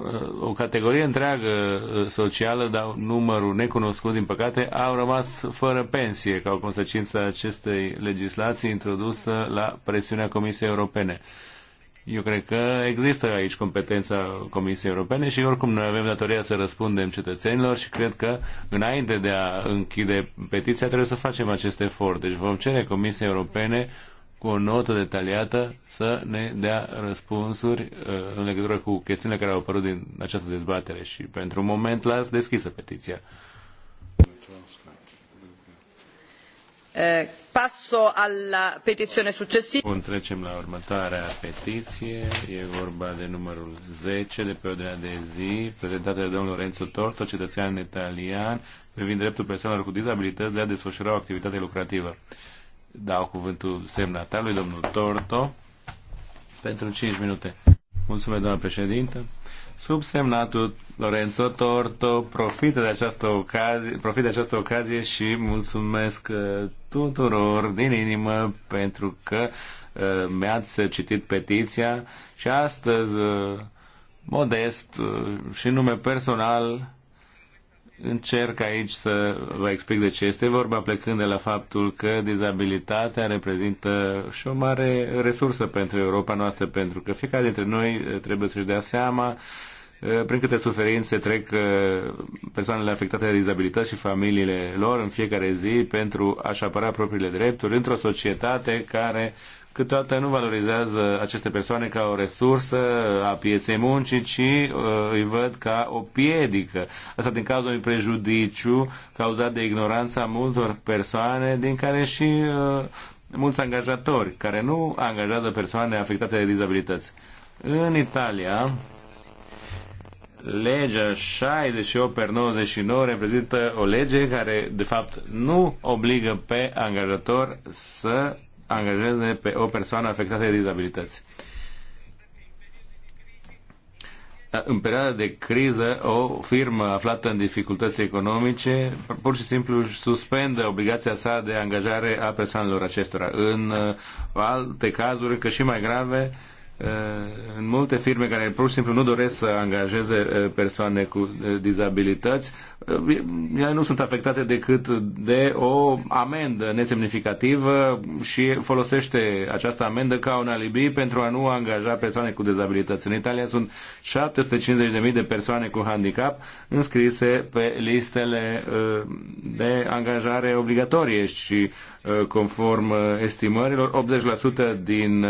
Uh, o categorie întreagă uh, socială, dar numărul necunoscut, din păcate, au rămas fără pensie ca o consecință a acestei legislații introdusă la presiunea Comisiei Europene. Eu cred că există aici competența Comisiei Europene și oricum noi avem datoria să răspundem cetățenilor și cred că înainte de a închide petiția trebuie să facem acest efort. Deci vom cere Comisiei Europene cu o notă detaliată să ne dea răspunsuri uh, în legătură cu chestiunile care au apărut din această dezbatere și pentru un moment las deschisă petiția. Eh, passo alla petizione successiva. Bun, trecem la următoarea petiție. E vorba de numărul 10 de pe ordinea de zi, prezentată de domnul Lorenzo Torto, cetățean italian, privind dreptul persoanelor cu dizabilități de a desfășura o activitate lucrativă dau cuvântul semnatarului, domnul Torto, pentru 5 minute. Mulțumesc, doamna președintă. Subsemnatul Lorenzo Torto profită de această ocazie, profită de această ocazie și mulțumesc uh, tuturor din inimă pentru că uh, mi-ați citit petiția și astăzi uh, modest și nume personal încerc aici să vă explic de ce este vorba, plecând de la faptul că dizabilitatea reprezintă și o mare resursă pentru Europa noastră, pentru că fiecare dintre noi eh, trebuie să-și dea seama eh, prin câte suferințe trec eh, persoanele afectate de dizabilități și familiile lor în fiecare zi pentru a-și apăra propriile drepturi într-o societate care câteodată nu valorizează aceste persoane ca o resursă a pieței muncii, ci uh, îi văd ca o piedică. Asta din cauza unui prejudiciu cauzat de ignoranța multor persoane, din care și uh, mulți angajatori, care nu angajează persoane afectate de dizabilități. În Italia, legea 68 per 99 reprezintă o lege care, de fapt, nu obligă pe angajator să angajeze pe o persoană afectată de dizabilități. În perioada de criză, o firmă aflată în dificultăți economice pur și simplu suspendă obligația sa de angajare a persoanelor acestora. În uh, alte cazuri, că și mai grave, Eh, în multe firme care pur și simplu nu doresc să angajeze eh, persoane cu eh, dizabilități, ele nu sunt afectate decât de o amendă nesemnificativă și folosește această amendă ca un alibi pentru a nu angaja persoane cu dizabilități. În Italia sunt 750.000 de persoane cu handicap înscrise pe listele de angajare obligatorie și conform estimărilor 80% din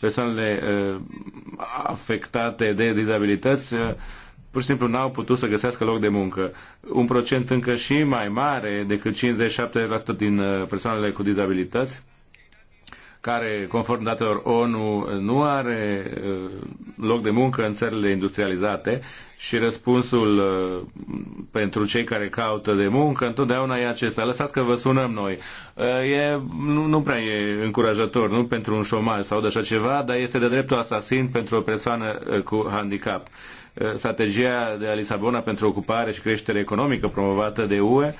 persoanele afectate de dizabilități uh, pur și simplu n-au putut să găsească loc de muncă. Un procent încă și mai mare decât 57% din uh, persoanele cu dizabilități care, conform datelor ONU, nu are uh, loc de muncă în țările industrializate și răspunsul uh, pentru cei care caută de muncă întotdeauna e acesta. Lăsați că vă sunăm noi. Uh, e, nu, nu prea e încurajator, nu pentru un șomaj sau de așa ceva, dar este de dreptul asasin pentru o persoană cu handicap. Strategia de la Lisabona pentru ocupare și creștere economică promovată de UE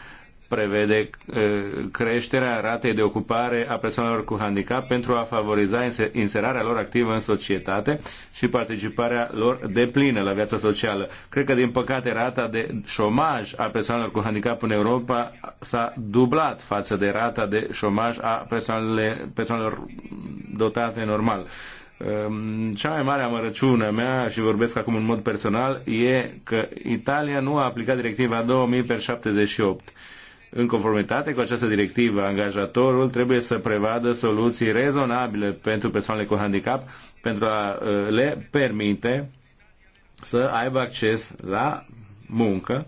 prevede eh, creșterea ratei de ocupare a persoanelor cu handicap pentru a favoriza inserarea lor activă în societate și participarea lor deplină la viața socială. Cred că, din păcate, rata de șomaj a persoanelor cu handicap în Europa s-a dublat față de rata de șomaj a persoanelor dotate normal. Ehm, cea mai mare amărăciune mea, și vorbesc acum în mod personal, e că Italia nu a aplicat directiva 2078 în conformitate cu această directivă, angajatorul trebuie să prevadă soluții rezonabile pentru persoanele cu handicap pentru a uh, le permite să aibă acces la muncă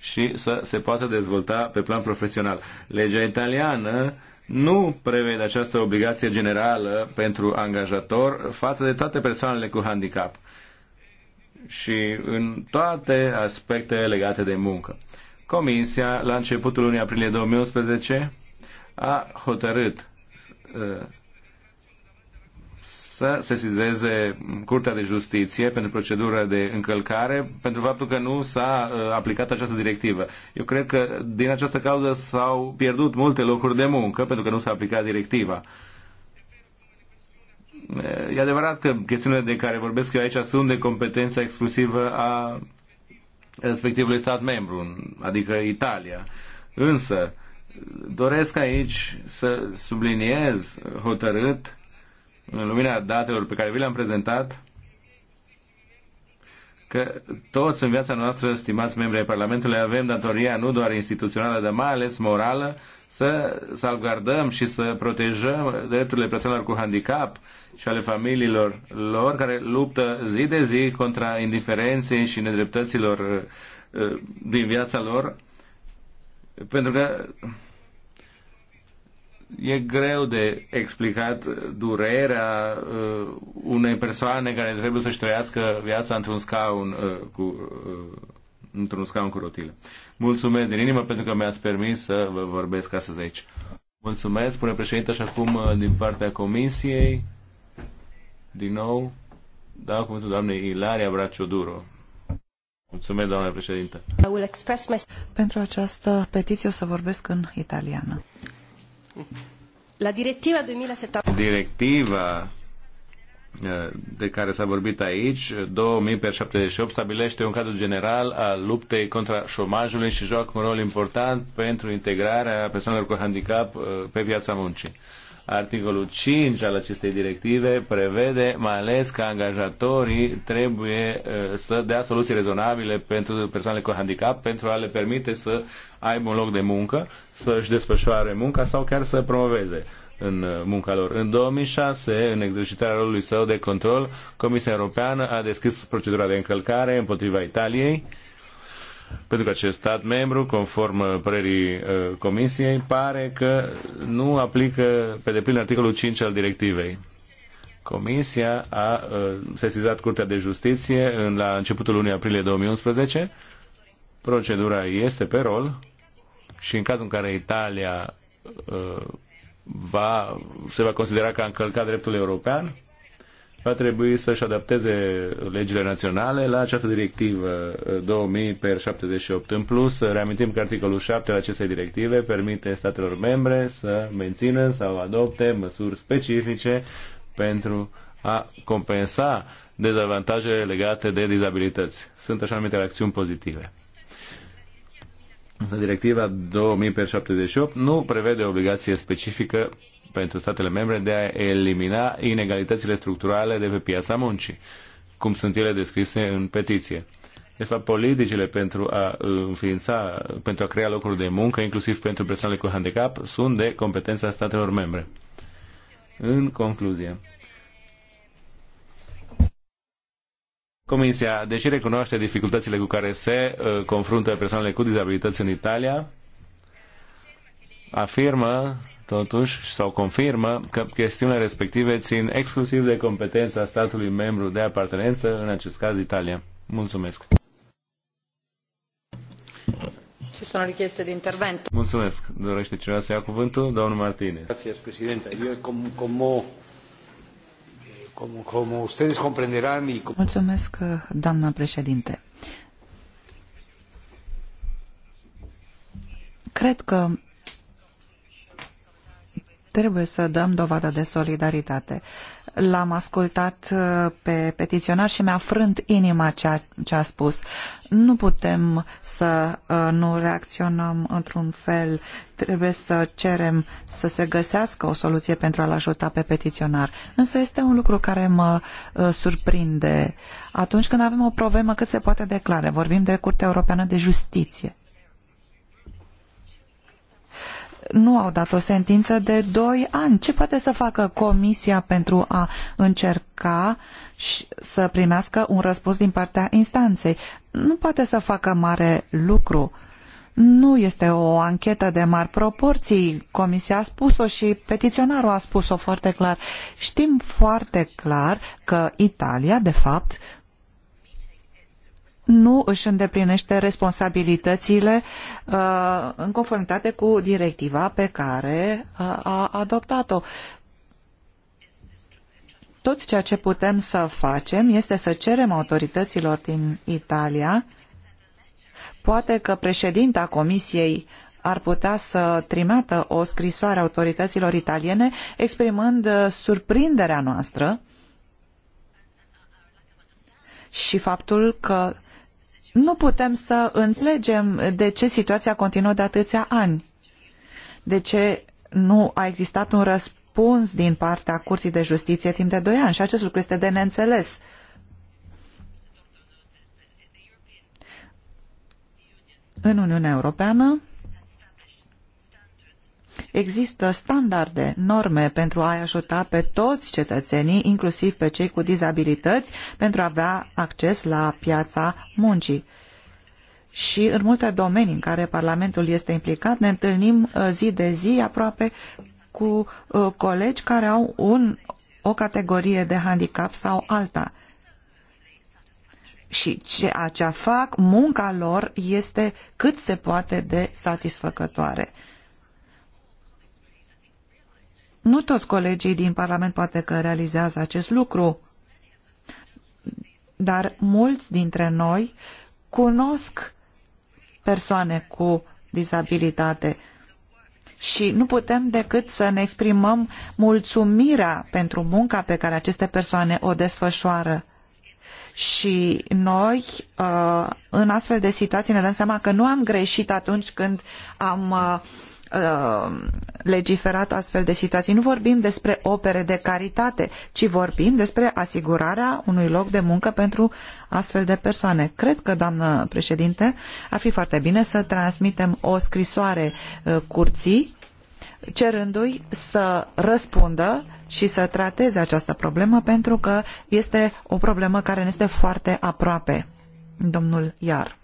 și să se poată dezvolta pe plan profesional. Legea italiană nu prevede această obligație generală pentru angajator față de toate persoanele cu handicap și în toate aspectele legate de muncă. Comisia, la începutul lunii aprilie 2011, a hotărât uh, să sesizeze Curtea de Justiție pentru procedură de încălcare pentru faptul că nu s-a uh, aplicat această directivă. Eu cred că din această cauză s-au pierdut multe locuri de muncă pentru că nu s-a aplicat directiva. E adevărat că chestiunile de care vorbesc eu aici sunt de competența exclusivă a respectivului stat membru, adică Italia. Însă, doresc aici să subliniez hotărât, în lumina datelor pe care vi le-am prezentat, că toți în viața noastră, stimați membri ai Parlamentului, avem datoria nu doar instituțională, dar mai ales morală, să salvgardăm și să protejăm drepturile persoanelor cu handicap și ale familiilor lor care luptă zi de zi contra indiferenței și nedreptăților eh, din viața lor, pentru că e greu de explicat durerea uh, unei persoane care trebuie să-și trăiască viața într-un scaun uh, cu uh, într-un scaun cu rotile. Mulțumesc din inimă pentru că mi-ați permis să vă vorbesc astăzi aici. Mulțumesc, spune președinte, și acum uh, din partea comisiei, din nou, dau cuvântul doamnei Ilaria Bracioduro. Mulțumesc, doamne președinte. Pentru această petiție o să vorbesc în italiană. La directiva Directiva eh, de care s-a vorbit aici, 2078, stabilește un cadru general al luptei contra șomajului și joacă un rol important pentru integrarea persoanelor cu handicap eh, pe piața muncii. Articolul 5 al acestei directive prevede mai ales că angajatorii trebuie uh, să dea soluții rezonabile pentru persoanele cu handicap pentru a le permite să aibă un loc de muncă, să-și desfășoare munca sau chiar să promoveze în uh, munca lor. În 2006, în exercitarea rolului său de control, Comisia Europeană a deschis procedura de încălcare împotriva Italiei pentru că acest stat membru, conform uh, părerii uh, Comisiei, pare că nu aplică pe deplin articolul 5 al directivei. Comisia a uh, sesizat Curtea de Justiție în, la începutul lunii aprilie 2011. Procedura este pe rol și în cazul în care Italia va, se va considera că a încălcat dreptul european, va trebui să-și adapteze legile naționale la această directivă 2000 uh, per 78. În plus, reamintim că articolul 7 al acestei directive permite statelor membre să mențină sau adopte măsuri specifice pentru a compensa dezavantajele legate de dizabilități. Sunt așa numite acțiuni pozitive. Directiva 2078 nu prevede obligație specifică pentru statele membre de a elimina inegalitățile structurale de pe piața muncii, cum sunt ele descrise în petiție. De fapt, politicile pentru a înființa, pentru a crea locuri de muncă, inclusiv pentru persoanele cu handicap, sunt de competența statelor membre. În concluzie, Comisia, deși recunoaște dificultățile cu care se uh, confruntă persoanele cu dizabilități în Italia, afirmă totuși sau confirmă că chestiunile respective țin exclusiv de competența statului membru de apartenență, în acest caz Italia. Mulțumesc. Ci sono richieste di intervento. Mulțumesc. Dorește cineva să ia cuvântul? Domnul Martinez. Grazie, președinte. Eu, cum como Mulțumesc, uh, doamna președinte. Cred că trebuie să dăm dovadă de solidaritate. L-am ascultat uh, pe petiționar și mi-a frânt inima ceea ce a spus. Nu putem să uh, nu reacționăm într-un fel. Trebuie să cerem să se găsească o soluție pentru a-l ajuta pe petiționar. Însă este un lucru care mă uh, surprinde. Atunci când avem o problemă cât se poate declare, vorbim de Curtea Europeană de Justiție nu au dat o sentință de 2 ani. Ce poate să facă comisia pentru a încerca să primească un răspuns din partea instanței? Nu poate să facă mare lucru. Nu este o anchetă de mari proporții. Comisia a spus-o și petiționarul a spus-o foarte clar. Știm foarte clar că Italia, de fapt, nu își îndeplinește responsabilitățile uh, în conformitate cu directiva pe care uh, a adoptat-o. Tot ceea ce putem să facem este să cerem autorităților din Italia, poate că președinta Comisiei ar putea să trimită o scrisoare autorităților italiene exprimând uh, surprinderea noastră și faptul că nu putem să înțelegem de ce situația continuă de atâția ani. De ce nu a existat un răspuns din partea Curții de Justiție timp de doi ani și acest lucru este de neînțeles. În Uniunea Europeană Există standarde, norme pentru a-i ajuta pe toți cetățenii, inclusiv pe cei cu dizabilități, pentru a avea acces la piața muncii. Și în multe domenii în care Parlamentul este implicat, ne întâlnim uh, zi de zi aproape cu uh, colegi care au un, o categorie de handicap sau alta și ceea ce fac, munca lor este cât se poate de satisfăcătoare. Nu toți colegii din Parlament poate că realizează acest lucru, dar mulți dintre noi cunosc persoane cu dizabilitate și nu putem decât să ne exprimăm mulțumirea pentru munca pe care aceste persoane o desfășoară. Și noi, uh, în astfel de situații, ne dăm seama că nu am greșit atunci când am uh, Uh, legiferat astfel de situații. Nu vorbim despre opere de caritate, ci vorbim despre asigurarea unui loc de muncă pentru astfel de persoane. Cred că, doamnă președinte, ar fi foarte bine să transmitem o scrisoare uh, curții cerându-i să răspundă și să trateze această problemă pentru că este o problemă care ne este foarte aproape. Domnul Iar.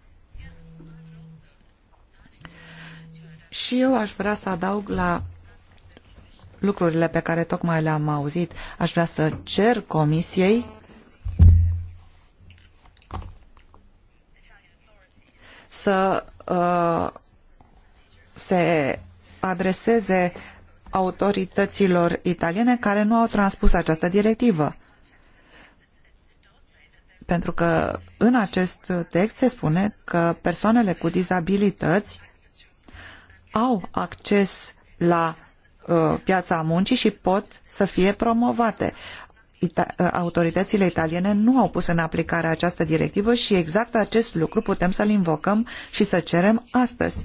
Și eu aș vrea să adaug la lucrurile pe care tocmai le-am auzit. Aș vrea să cer comisiei să uh, se adreseze autorităților italiene care nu au transpus această directivă. Pentru că în acest text se spune că persoanele cu dizabilități au acces la uh, piața muncii și pot să fie promovate. Ita uh, autoritățile italiene nu au pus în aplicare această directivă și exact acest lucru putem să-l invocăm și să cerem astăzi. Uh,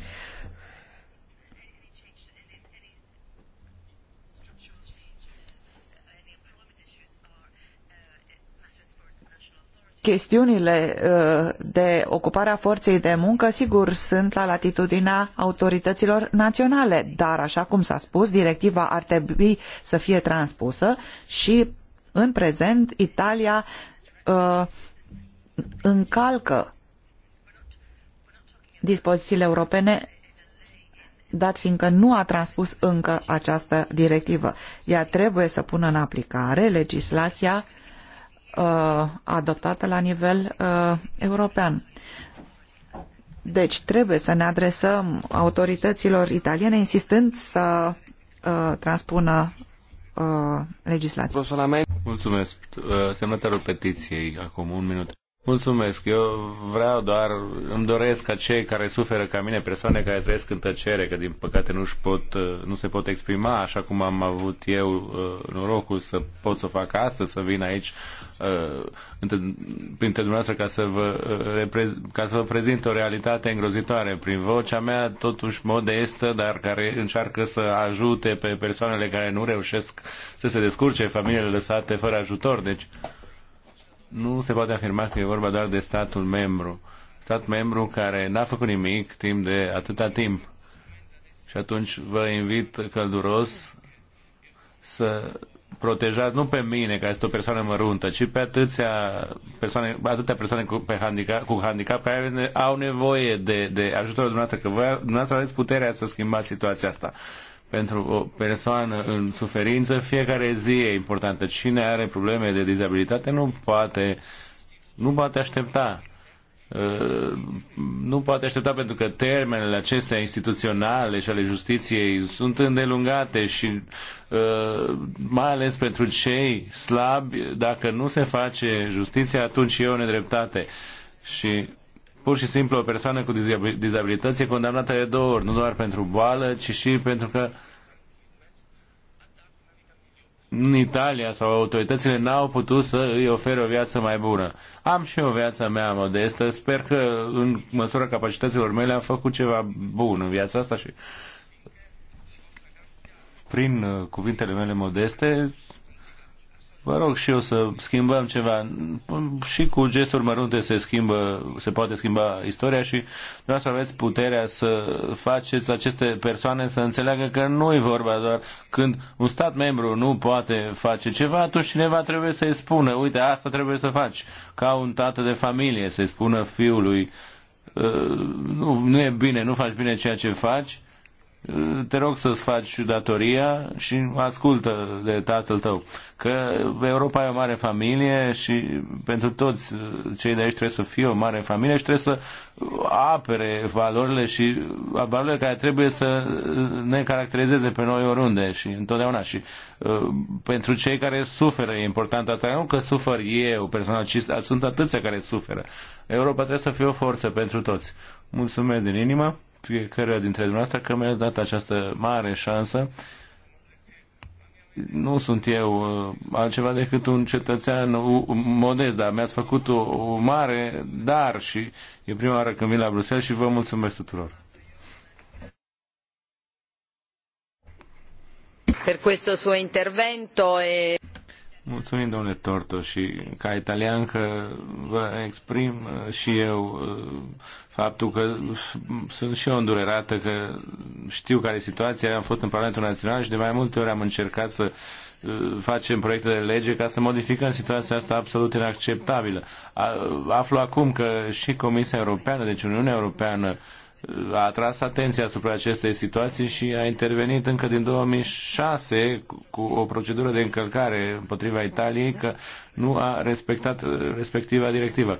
chestiunile uh, de ocupare a forței de muncă, sigur, sunt la latitudinea autorităților naționale, dar, așa cum s-a spus, directiva ar trebui să fie transpusă și, în prezent, Italia uh, încalcă dispozițiile europene dat fiindcă nu a transpus încă această directivă. Ea trebuie să pună în aplicare legislația uh, Uh, adoptată la nivel uh, european. Deci trebuie să ne adresăm autorităților italiene insistând să uh, transpună legislația. Mulțumesc. semnătorul petiției, acum un minut. Mulțumesc. Eu vreau doar, îmi doresc ca cei care suferă ca mine, persoane care trăiesc în tăcere, că din păcate nu, pot, uh, nu se pot exprima așa cum am avut eu uh, norocul să pot să o fac asta, să vin aici uh, printre dumneavoastră ca să, vă, ca să vă prezint o realitate îngrozitoare prin vocea mea, totuși modestă, dar care încearcă să ajute pe persoanele care nu reușesc să se descurce, familiile lăsate fără ajutor. Deci, nu se poate afirma că e vorba doar de statul membru. Stat membru care n-a făcut nimic timp de atâta timp. Și atunci vă invit călduros să protejați nu pe mine, care este o persoană măruntă, ci pe atâția persoane, atâtea persoane cu, pe handicap, cu handicap care au nevoie de, de ajutorul dumneavoastră, că voi, dumneavoastră aveți puterea să schimbați situația asta pentru o persoană în suferință, fiecare zi e importantă. Cine are probleme de dizabilitate nu poate, nu poate aștepta. Uh, nu poate aștepta pentru că termenele acestea instituționale și ale justiției sunt îndelungate și uh, mai ales pentru cei slabi, dacă nu se face justiția, atunci e o nedreptate. Și pur și simplu o persoană cu dizabilități e condamnată de două ori, nu doar pentru boală, ci și pentru că în Italia sau autoritățile n-au putut să îi ofere o viață mai bună. Am și o viață mea modestă, sper că în măsura capacităților mele am făcut ceva bun în viața asta și prin uh, cuvintele mele modeste Vă rog și eu să schimbăm ceva. Și cu gesturi mărunte se schimbă, se poate schimba istoria și să aveți puterea să faceți aceste persoane să înțeleagă că nu e vorba doar când un stat membru nu poate face ceva, atunci cineva trebuie să-i spună, uite, asta trebuie să faci, ca un tată de familie, să-i spună fiului, ă, nu, nu e bine, nu faci bine ceea ce faci, te rog să-ți faci datoria și ascultă de tatăl tău. Că Europa e o mare familie și pentru toți cei de aici trebuie să fie o mare familie și trebuie să apere valorile și valorile care trebuie să ne caracterizeze pe noi oriunde și întotdeauna. Și uh, pentru cei care suferă e important atât, nu că sufăr eu personal, ci sunt atâția care suferă. Europa trebuie să fie o forță pentru toți. Mulțumesc din inimă fiecare dintre dumneavoastră că mi-ați dat această mare șansă. Nu sunt eu uh, altceva decât un cetățean modest, dar mi-ați făcut o, o mare dar și e prima oară când vin la Bruxelles și vă mulțumesc tuturor. Per questo suo intervento e Mulțumim, domnule Torto, și ca italian că vă exprim uh, și eu uh, faptul că sunt și eu îndurerată, că știu care e situația, am fost în Parlamentul Național și de mai multe ori am încercat să uh, facem proiecte de lege ca să modificăm situația asta absolut inacceptabilă. Aflu acum că și Comisia Europeană, deci Uniunea Europeană, a tras atenția asupra acestei situații și a intervenit încă din 2006 cu o procedură de încălcare împotriva Italiei că nu a respectat uh, respectiva directivă.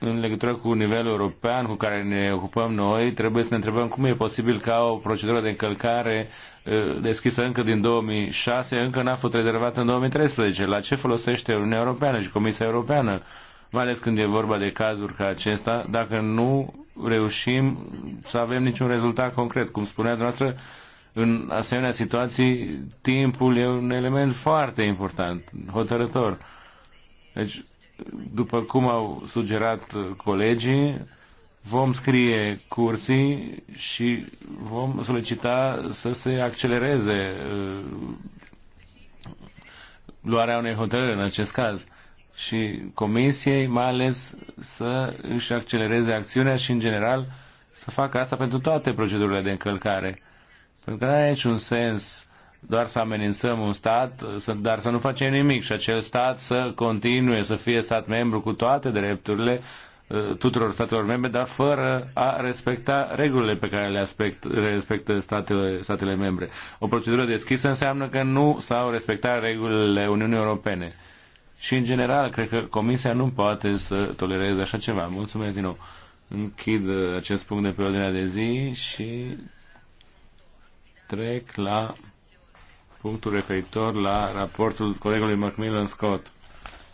În legătură cu nivelul european cu care ne ocupăm noi, trebuie să ne întrebăm cum e posibil ca o procedură de încălcare uh, deschisă încă din 2006 încă n-a fost rezervată în 2013. La ce folosește Uniunea Europeană și Comisia Europeană? mai ales când e vorba de cazuri ca acesta, dacă nu reușim să avem niciun rezultat concret. Cum spunea dumneavoastră, în asemenea situații, timpul e un element foarte important, hotărător. Deci, după cum au sugerat colegii, vom scrie curții și vom solicita să se accelereze uh, luarea unei hotărâri în acest caz și Comisiei, mai ales să își accelereze acțiunea și, în general, să facă asta pentru toate procedurile de încălcare. Pentru că nu are niciun sens doar să amenințăm un stat, dar să nu facem nimic și acel stat să continue să fie stat membru cu toate drepturile uh, tuturor statelor membre, dar fără a respecta regulile pe care le aspect, respectă statele, statele membre. O procedură deschisă înseamnă că nu s-au respectat regulile Uniunii Europene. Și, în general, cred că Comisia nu poate să tolereze așa ceva. Mulțumesc din nou. Închid uh, acest punct de pe ordinea de zi și trec la punctul referitor la raportul colegului Macmillan Scott.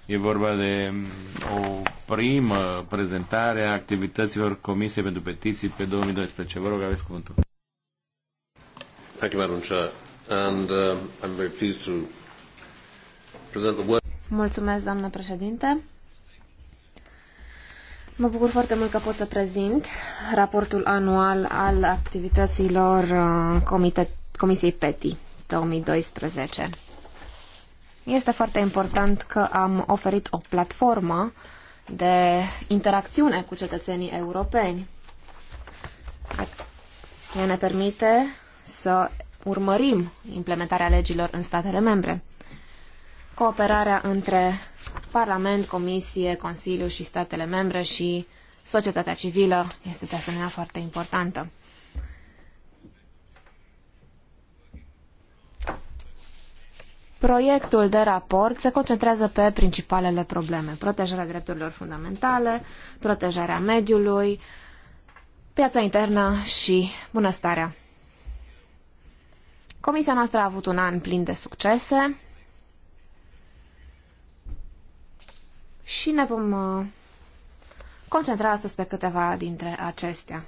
E vorba de um, o primă prezentare a activităților Comisiei pentru Petiții pe 2012. Vă rog, aveți cuvântul. Thank you, Madam Chair. And uh, I'm very pleased to present the work președinte. Mă bucur foarte mult că pot să prezint raportul anual al activităților uh, comite- Comisiei PETI 2012. Este foarte important că am oferit o platformă de interacțiune cu cetățenii europeni. Ea ne permite să urmărim implementarea legilor în statele membre cooperarea între Parlament, Comisie, Consiliu și statele membre și societatea civilă este de asemenea foarte importantă. Proiectul de raport se concentrează pe principalele probleme. Protejarea drepturilor fundamentale, protejarea mediului, piața internă și bunăstarea. Comisia noastră a avut un an plin de succese. și ne vom uh, concentra astăzi pe câteva dintre acestea.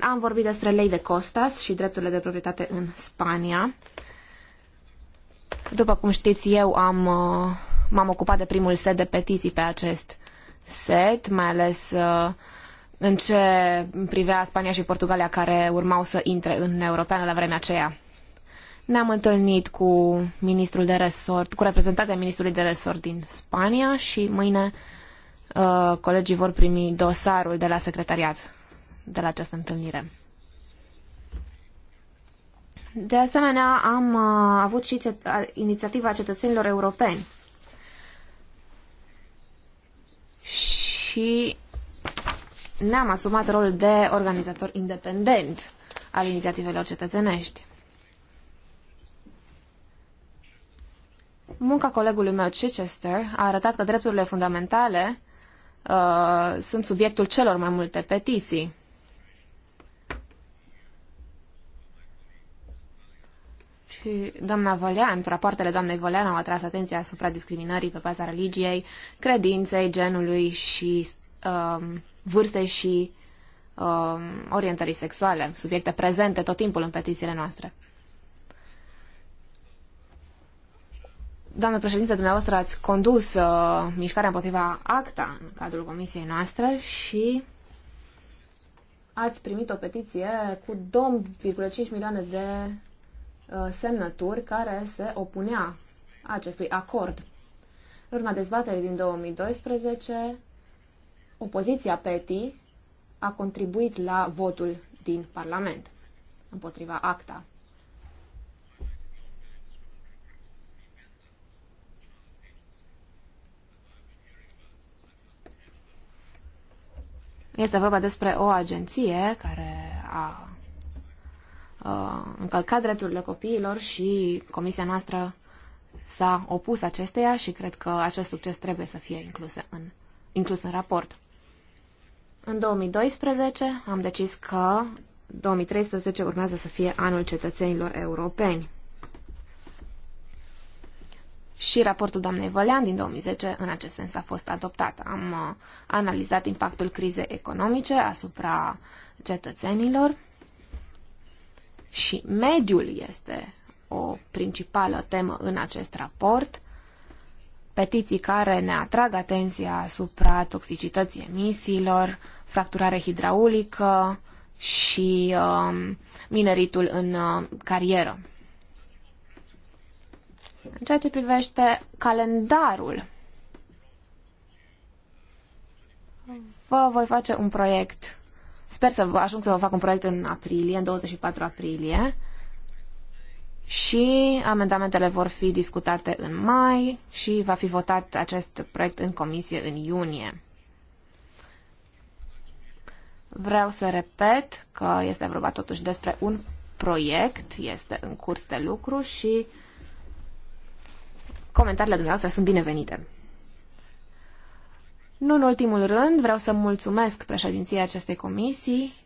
Am vorbit despre lei de costas și drepturile de proprietate în Spania. După cum știți, eu am, uh, m-am ocupat de primul set de petiții pe acest set, mai ales uh, în ce privea Spania și Portugalia care urmau să intre în Europeană la vremea aceea. Ne-am întâlnit cu ministrul de resort, cu reprezentația ministrului de resort din Spania și mâine uh, colegii vor primi dosarul de la secretariat de la această întâlnire. De asemenea, am uh, avut și cet- a, inițiativa cetățenilor europeni. Și ne-am asumat rolul de organizator independent al inițiativelor cetățenești. Munca colegului meu Chichester a arătat că drepturile fundamentale uh, sunt subiectul celor mai multe petiții. Și doamna Volean, rapoartele doamnei Volean au atras atenția asupra discriminării pe baza religiei, credinței, genului și um, uh, vârstei și um, uh, orientării sexuale, subiecte prezente tot timpul în petițiile noastre. Doamnă președinte, dumneavoastră ați condus uh, mișcarea împotriva ACTA în cadrul comisiei noastre și ați primit o petiție cu 2,5 milioane de uh, semnături care se opunea acestui acord. În urma dezbaterii din 2012, opoziția PETI a contribuit la votul din Parlament împotriva ACTA. Este vorba despre o agenție care a, încălcat drepturile copiilor și comisia noastră s-a opus acesteia și cred că acest succes trebuie să fie inclus în, inclus în raport. În 2012 am decis că 2013 urmează să fie anul cetățenilor europeni și raportul doamnei Vălean din 2010 în acest sens a fost adoptat. Am uh, analizat impactul crizei economice asupra cetățenilor și mediul este o principală temă în acest raport. Petiții care ne atrag atenția asupra toxicității emisiilor, fracturare hidraulică și uh, mineritul în uh, carieră. În ceea ce privește calendarul, vă voi face un proiect. Sper să vă ajung să vă fac un proiect în aprilie, în 24 aprilie. Și amendamentele vor fi discutate în mai și va fi votat acest proiect în comisie în iunie. Vreau să repet că este vorba totuși despre un proiect, este în curs de lucru și uh, Comentariile dumneavoastră sunt binevenite. Nu în ultimul rând, vreau să mulțumesc președinției acestei comisii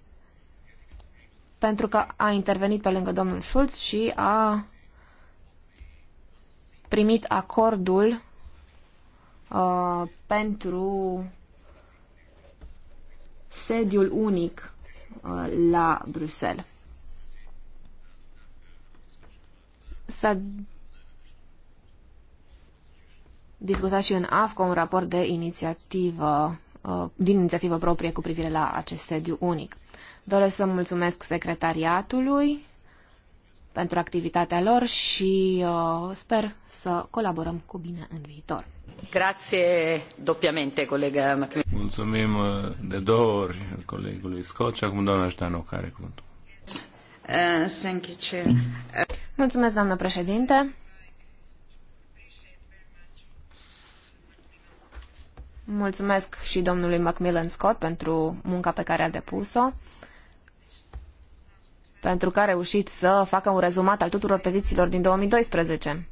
pentru că a intervenit pe lângă domnul Schulz și a primit acordul uh, pentru sediul unic uh, la Bruxelles. S-a discutat și în AFCO un raport de inițiativă, uh, din inițiativă proprie cu privire la acest sediu unic. Doresc să mulțumesc secretariatului pentru activitatea lor și uh, sper să colaborăm cu bine în viitor. Grazie doppiamente, colega McMillan. Mulțumim uh, de două ori colegului Scott și acum doamna Ștanoc care cuvântul. Uh, thank you, Chair. Mulțumesc, doamnă președinte. Mulțumesc și domnului Macmillan Scott pentru munca pe care a depus-o, pentru că a reușit să facă un rezumat al tuturor petițiilor din 2012.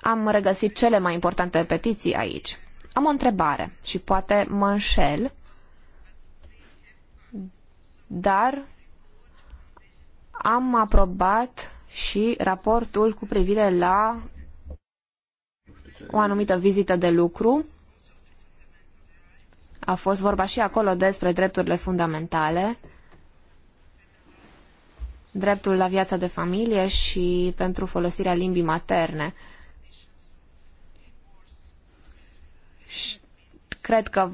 Am regăsit cele mai importante petiții aici. Am o întrebare și poate mă înșel, dar am aprobat și raportul cu privire la o anumită vizită de lucru. A fost vorba și acolo despre drepturile fundamentale, dreptul la viața de familie și pentru folosirea limbii materne. Și cred că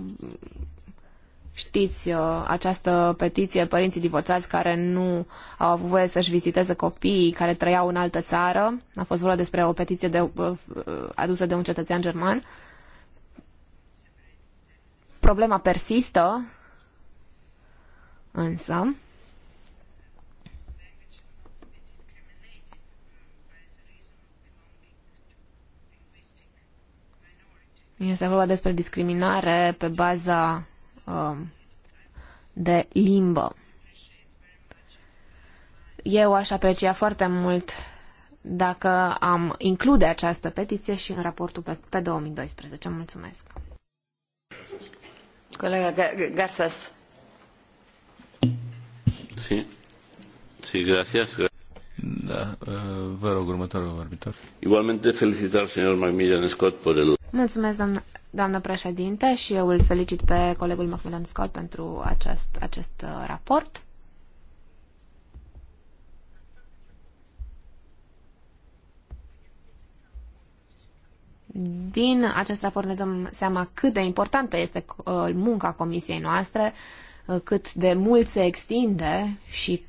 Știți uh, această petiție, părinții divorțați care nu au avut voie să-și viziteze copiii care trăiau în altă țară. A fost vorba despre o petiție de, uh, uh, adusă de un cetățean german. Problema persistă, însă, Este vorba despre discriminare pe baza Um, de limbă. Eu aș aprecia foarte mult dacă am include această petiție și în raportul pe, pe 2012. Mulțumesc. Colega Garces. Sí. Sí, gracias. Da, uh, vă rog, următorul vorbitor. Igualmente felicitar señor Macmillan Scott por el... Mulțumesc, doamnă, Doamnă președinte, și eu îl felicit pe colegul Macmillan Scott pentru acest, acest uh, raport. Din acest raport ne dăm seama cât de importantă este uh, munca comisiei noastre, uh, cât de mult se extinde și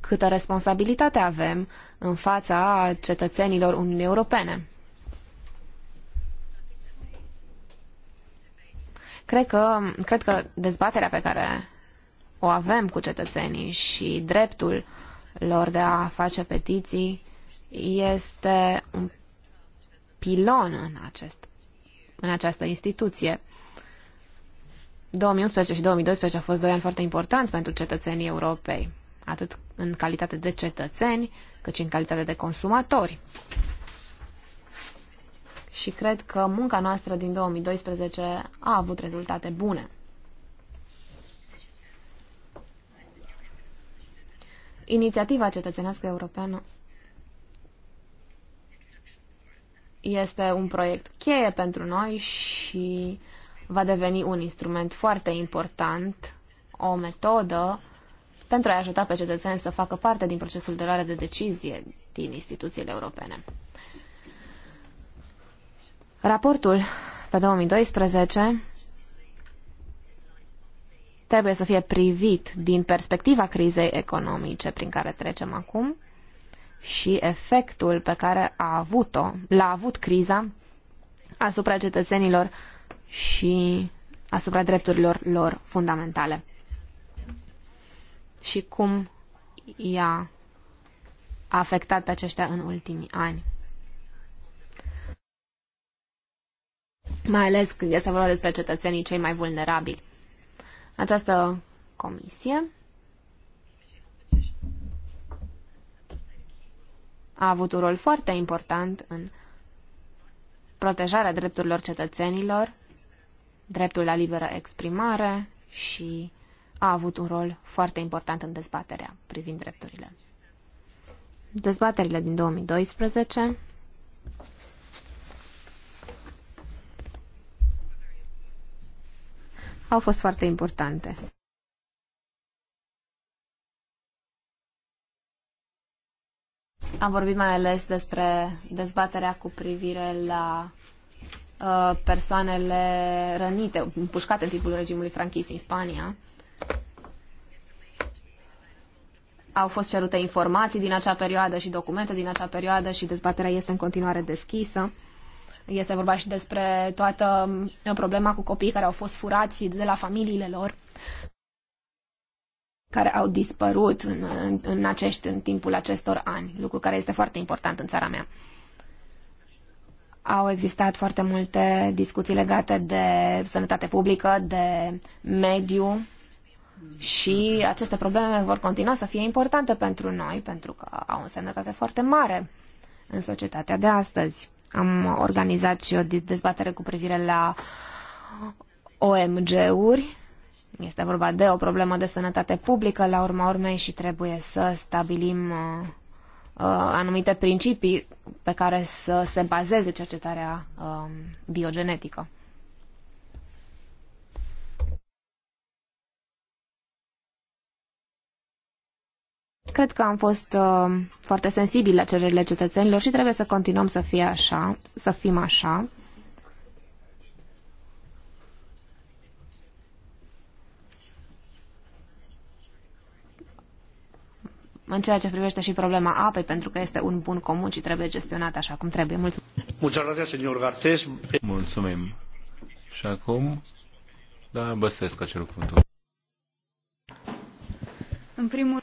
câtă responsabilitate avem în fața cetățenilor Uniunii Europene. Cred că, cred că dezbaterea pe care o avem cu cetățenii și dreptul lor de a face petiții este un pilon în, acest, în această instituție. 2011 și 2012 au fost doi ani foarte importanți pentru cetățenii europei, atât în calitate de cetățeni, cât și în calitate de consumatori și cred că munca noastră din 2012 a avut rezultate bune. Inițiativa cetățenească europeană este un proiect cheie pentru noi și va deveni un instrument foarte important, o metodă pentru a ajuta pe cetățeni să facă parte din procesul de luare de decizie din instituțiile europene. Raportul pe 2012 trebuie să fie privit din perspectiva crizei economice prin care trecem acum și efectul pe care a avut-o, l-a avut criza asupra cetățenilor și asupra drepturilor lor fundamentale. Și cum i-a afectat pe aceștia în ultimii ani. mai ales când este vorba despre cetățenii cei mai vulnerabili. Această comisie a avut un rol foarte important în protejarea drepturilor cetățenilor, dreptul la liberă exprimare și a avut un rol foarte important în dezbaterea privind drepturile. Dezbaterile din 2012 au fost foarte importante. Am vorbit mai ales despre dezbaterea cu privire la uh, persoanele rănite, împușcate în timpul regimului franchist din Spania. Au fost cerute informații din acea perioadă și documente din acea perioadă și dezbaterea este în continuare deschisă. Este vorba și despre toată um, problema cu copiii care au fost furați de la familiile lor, care au dispărut în, în, acești, în timpul acestor ani, lucru care este foarte important în țara mea. Au existat foarte multe discuții legate de sănătate publică, de mediu, și aceste probleme vor continua să fie importante pentru noi, pentru că au o sănătate foarte mare în societatea de astăzi. Am organizat și o dezbatere cu privire la OMG-uri. Este vorba de o problemă de sănătate publică, la urma urmei, și trebuie să stabilim uh, uh, anumite principii pe care să se bazeze cercetarea uh, biogenetică. Cred că am fost uh, foarte sensibili la cererile cetățenilor și trebuie să continuăm să fie așa, să fim așa. în ceea ce privește și problema apei, pentru că este un bun comun și trebuie gestionat așa cum trebuie. Mulțumim. Mulțumim. Și acum, da, băsesc acel cuvântul. În primul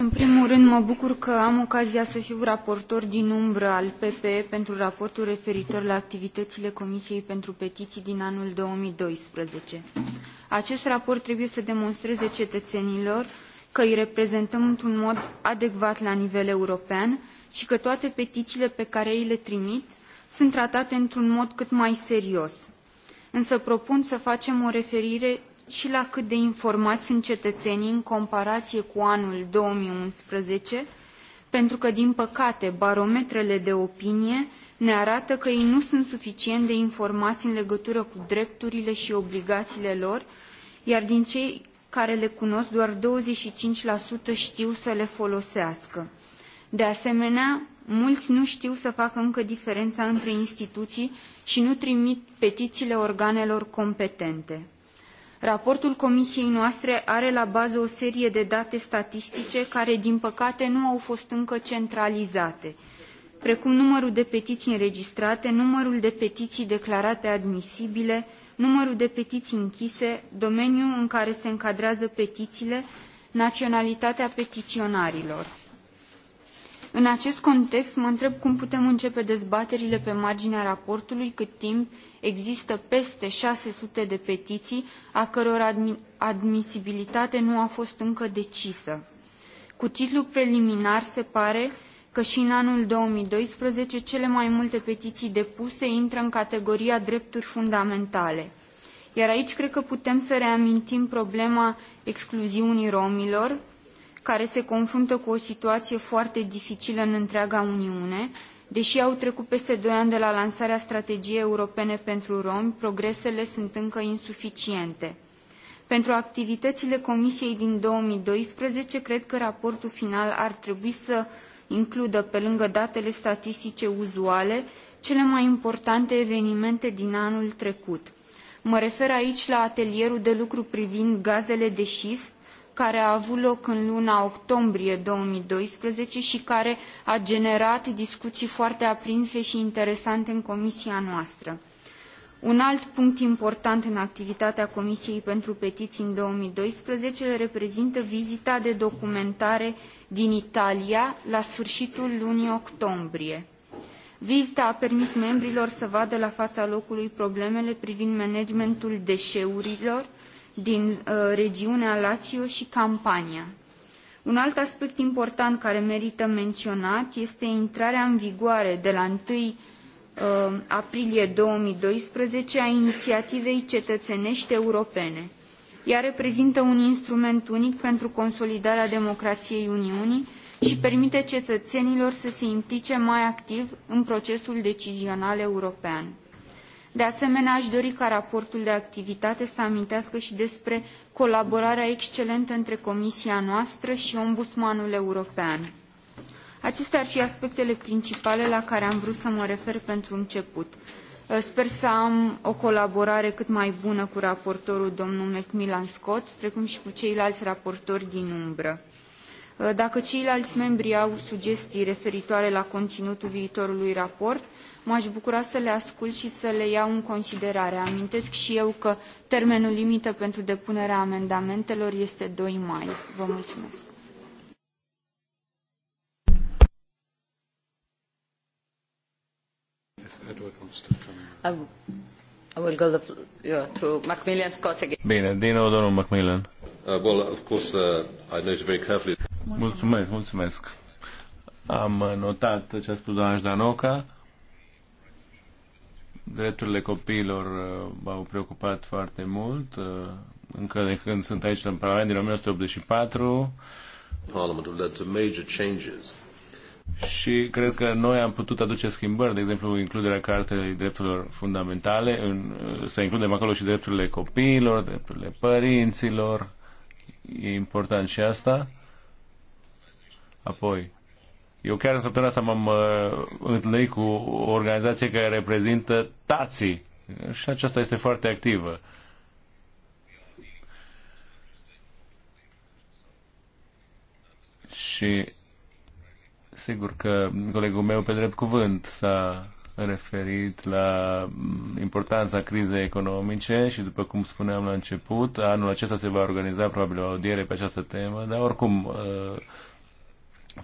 în primul rând, mă bucur că am ocazia să fiu raportor din umbră al PPE pentru raportul referitor la activitățile Comisiei pentru Petiții din anul 2012. Acest raport trebuie să demonstreze cetățenilor că îi reprezentăm într-un mod adecvat la nivel european și că toate petițiile pe care ei le trimit sunt tratate într-un mod cât mai serios. Însă propun să facem o referire și la cât de informați sunt cetăenii în comparaie cu anul unsprezece pentru că, din păcate, barometrele de opinie ne arată că ei nu sunt suficient de informați în legătură cu drepturile și obligațiile lor, iar din cei care le cunosc, doar 25% știu să le folosească. De asemenea, mulți nu știu să facă încă diferența între instituții și nu trimit petițiile organelor competente raportul comisiei noastre are la bază o serie de date statistice care din păcate nu au fost încă centralizate precum numărul de petiii înregistrate numărul de petiii declarate admisibile numărul de petiii închise domeniul în care se încadrează petiiile naionalitatea petiionarilor. în acest context mă întreb cum putem începe dezbaterile pe marginea raportului cât timp există peste 600 de petiții, a căror admisibilitate nu a fost încă decisă. Cu titlu preliminar se pare că i în anul 2012 cele mai multe petiții depuse intră în categoria drepturi fundamentale. Iar aici cred că putem să reamintim problema excluziunii romilor, care se confruntă cu o situație foarte dificilă în întreaga Uniune, dei au trecut peste doi ani de la lansarea strategiei europene pentru romi progresele sunt încă insuficiente. pentru activităile comisiei din două mii doisprezece cred că raportul final ar trebui să includă pe lângă datele statistice uzuale cele mai importante evenimente din anul trecut. mă refer aici la atelierul de lucru privind gazele de ist care a avut loc în luna octombrie două mii doisprezece i care a generat discuii foarte aprinse i interesante în comisia noastră. un alt punct important în activitatea comisiei pentru petiii în două mii doisprezece îl reprezintă vizita de documentare din italia la sfâritul lunii octombrie. vizita a permis membrilor să vadă la faa locului problemele privind managementul deeurilor din uh, regiunea Lazio și Campania. Un alt aspect important care merită menționat este intrarea în vigoare de la 1 uh, aprilie 2012 a inițiativei cetățenești europene. Ea reprezintă un instrument unic pentru consolidarea democrației Uniunii și permite cetățenilor să se implice mai activ în procesul decizional european. De asemenea, a dori ca raportul de activitate să amintească și despre colaborarea excelentă între Comisia noastră și Ombudsmanul European. Acestea ar fi aspectele principale la care am vrut să mă refer pentru început. Uh, sper să am o colaborare cât mai bună cu raportorul domnul McMillan Scott, precum și cu ceilalți raportori din umbră. Uh, dacă ceilalți membri au sugestii referitoare la conținutul viitorului raport, m-aș bucura să le ascult și să le iau în considerare. Amintesc și eu că termenul limită pentru depunerea amendamentelor este 2 mai. Vă mulțumesc. Bine, din nou domnul Macmillan. Uh, well, of course, uh, I noted very carefully. Mulțumesc, mulțumesc. Am notat ce a spus doamna Ždanoca Drepturile copiilor uh, m-au preocupat foarte mult, uh, încă de când sunt aici în Parlament din 1984. Parliament have led to major changes. Și cred că noi am putut aduce schimbări, de exemplu, includerea cartei drepturilor fundamentale, în, uh, să includem acolo și drepturile copiilor, drepturile părinților, e important și asta. Apoi, eu chiar în săptămâna asta m-am uh, întâlnit cu o organizație care reprezintă tații și aceasta este foarte activă. Și sigur că colegul meu pe drept cuvânt s-a referit la mm, importanța crizei economice și după cum spuneam la început, anul acesta se va organiza probabil o audiere pe această temă, dar oricum uh,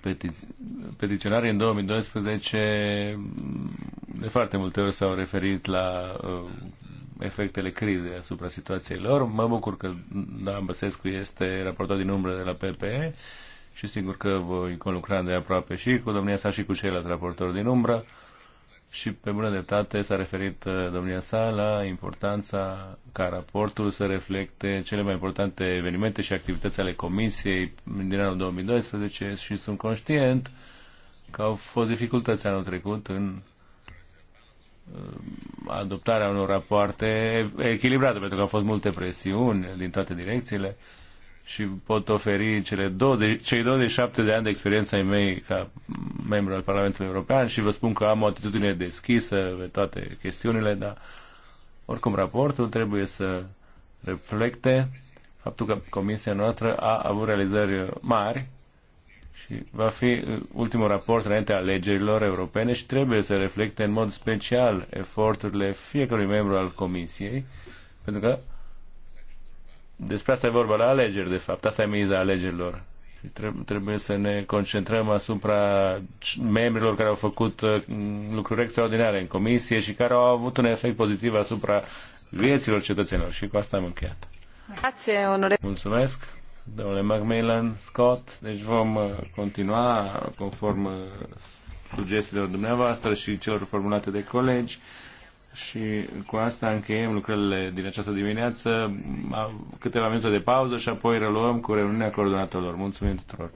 Petiț- petiționarii în 2012 de foarte multe ori s-au referit la uh, efectele crizei asupra situației lor. Mă bucur că Dan Băsescu este raportat din umbră de la PPE și sigur că voi conlucra de aproape și cu domnia sa și cu ceilalți raportori din umbră și pe bună dreptate s-a referit uh, domnia sa la importanța ca raportul să reflecte cele mai importante evenimente și activități ale Comisiei din anul 2012 și sunt conștient că au fost dificultăți anul trecut în uh, adoptarea unor rapoarte echilibrate, pentru că au fost multe presiuni din toate direcțiile și pot oferi cele 20, cei 27 de ani de experiență ai mei ca membru al Parlamentului European și vă spun că am o atitudine deschisă pe toate chestiunile, dar oricum raportul trebuie să reflecte faptul că Comisia noastră a avut realizări mari și va fi ultimul raport înainte alegerilor europene și trebuie să reflecte în mod special eforturile fiecărui membru al Comisiei, pentru că despre asta e vorba la alegeri, de fapt. Asta e miza alegerilor. Trebuie să ne concentrăm asupra membrilor care au făcut uh, lucruri extraordinare în comisie și care au avut un efect pozitiv asupra vieților cetățenilor. Și cu asta am încheiat. Mulțumesc, domnule Macmillan Scott. Deci vom uh, continua conform uh, sugestiilor dumneavoastră și celor formulate de colegi. Și cu asta încheiem lucrările din această dimineață, câteva minute de pauză și apoi reluăm cu reuniunea coordonatorilor. Mulțumim tuturor!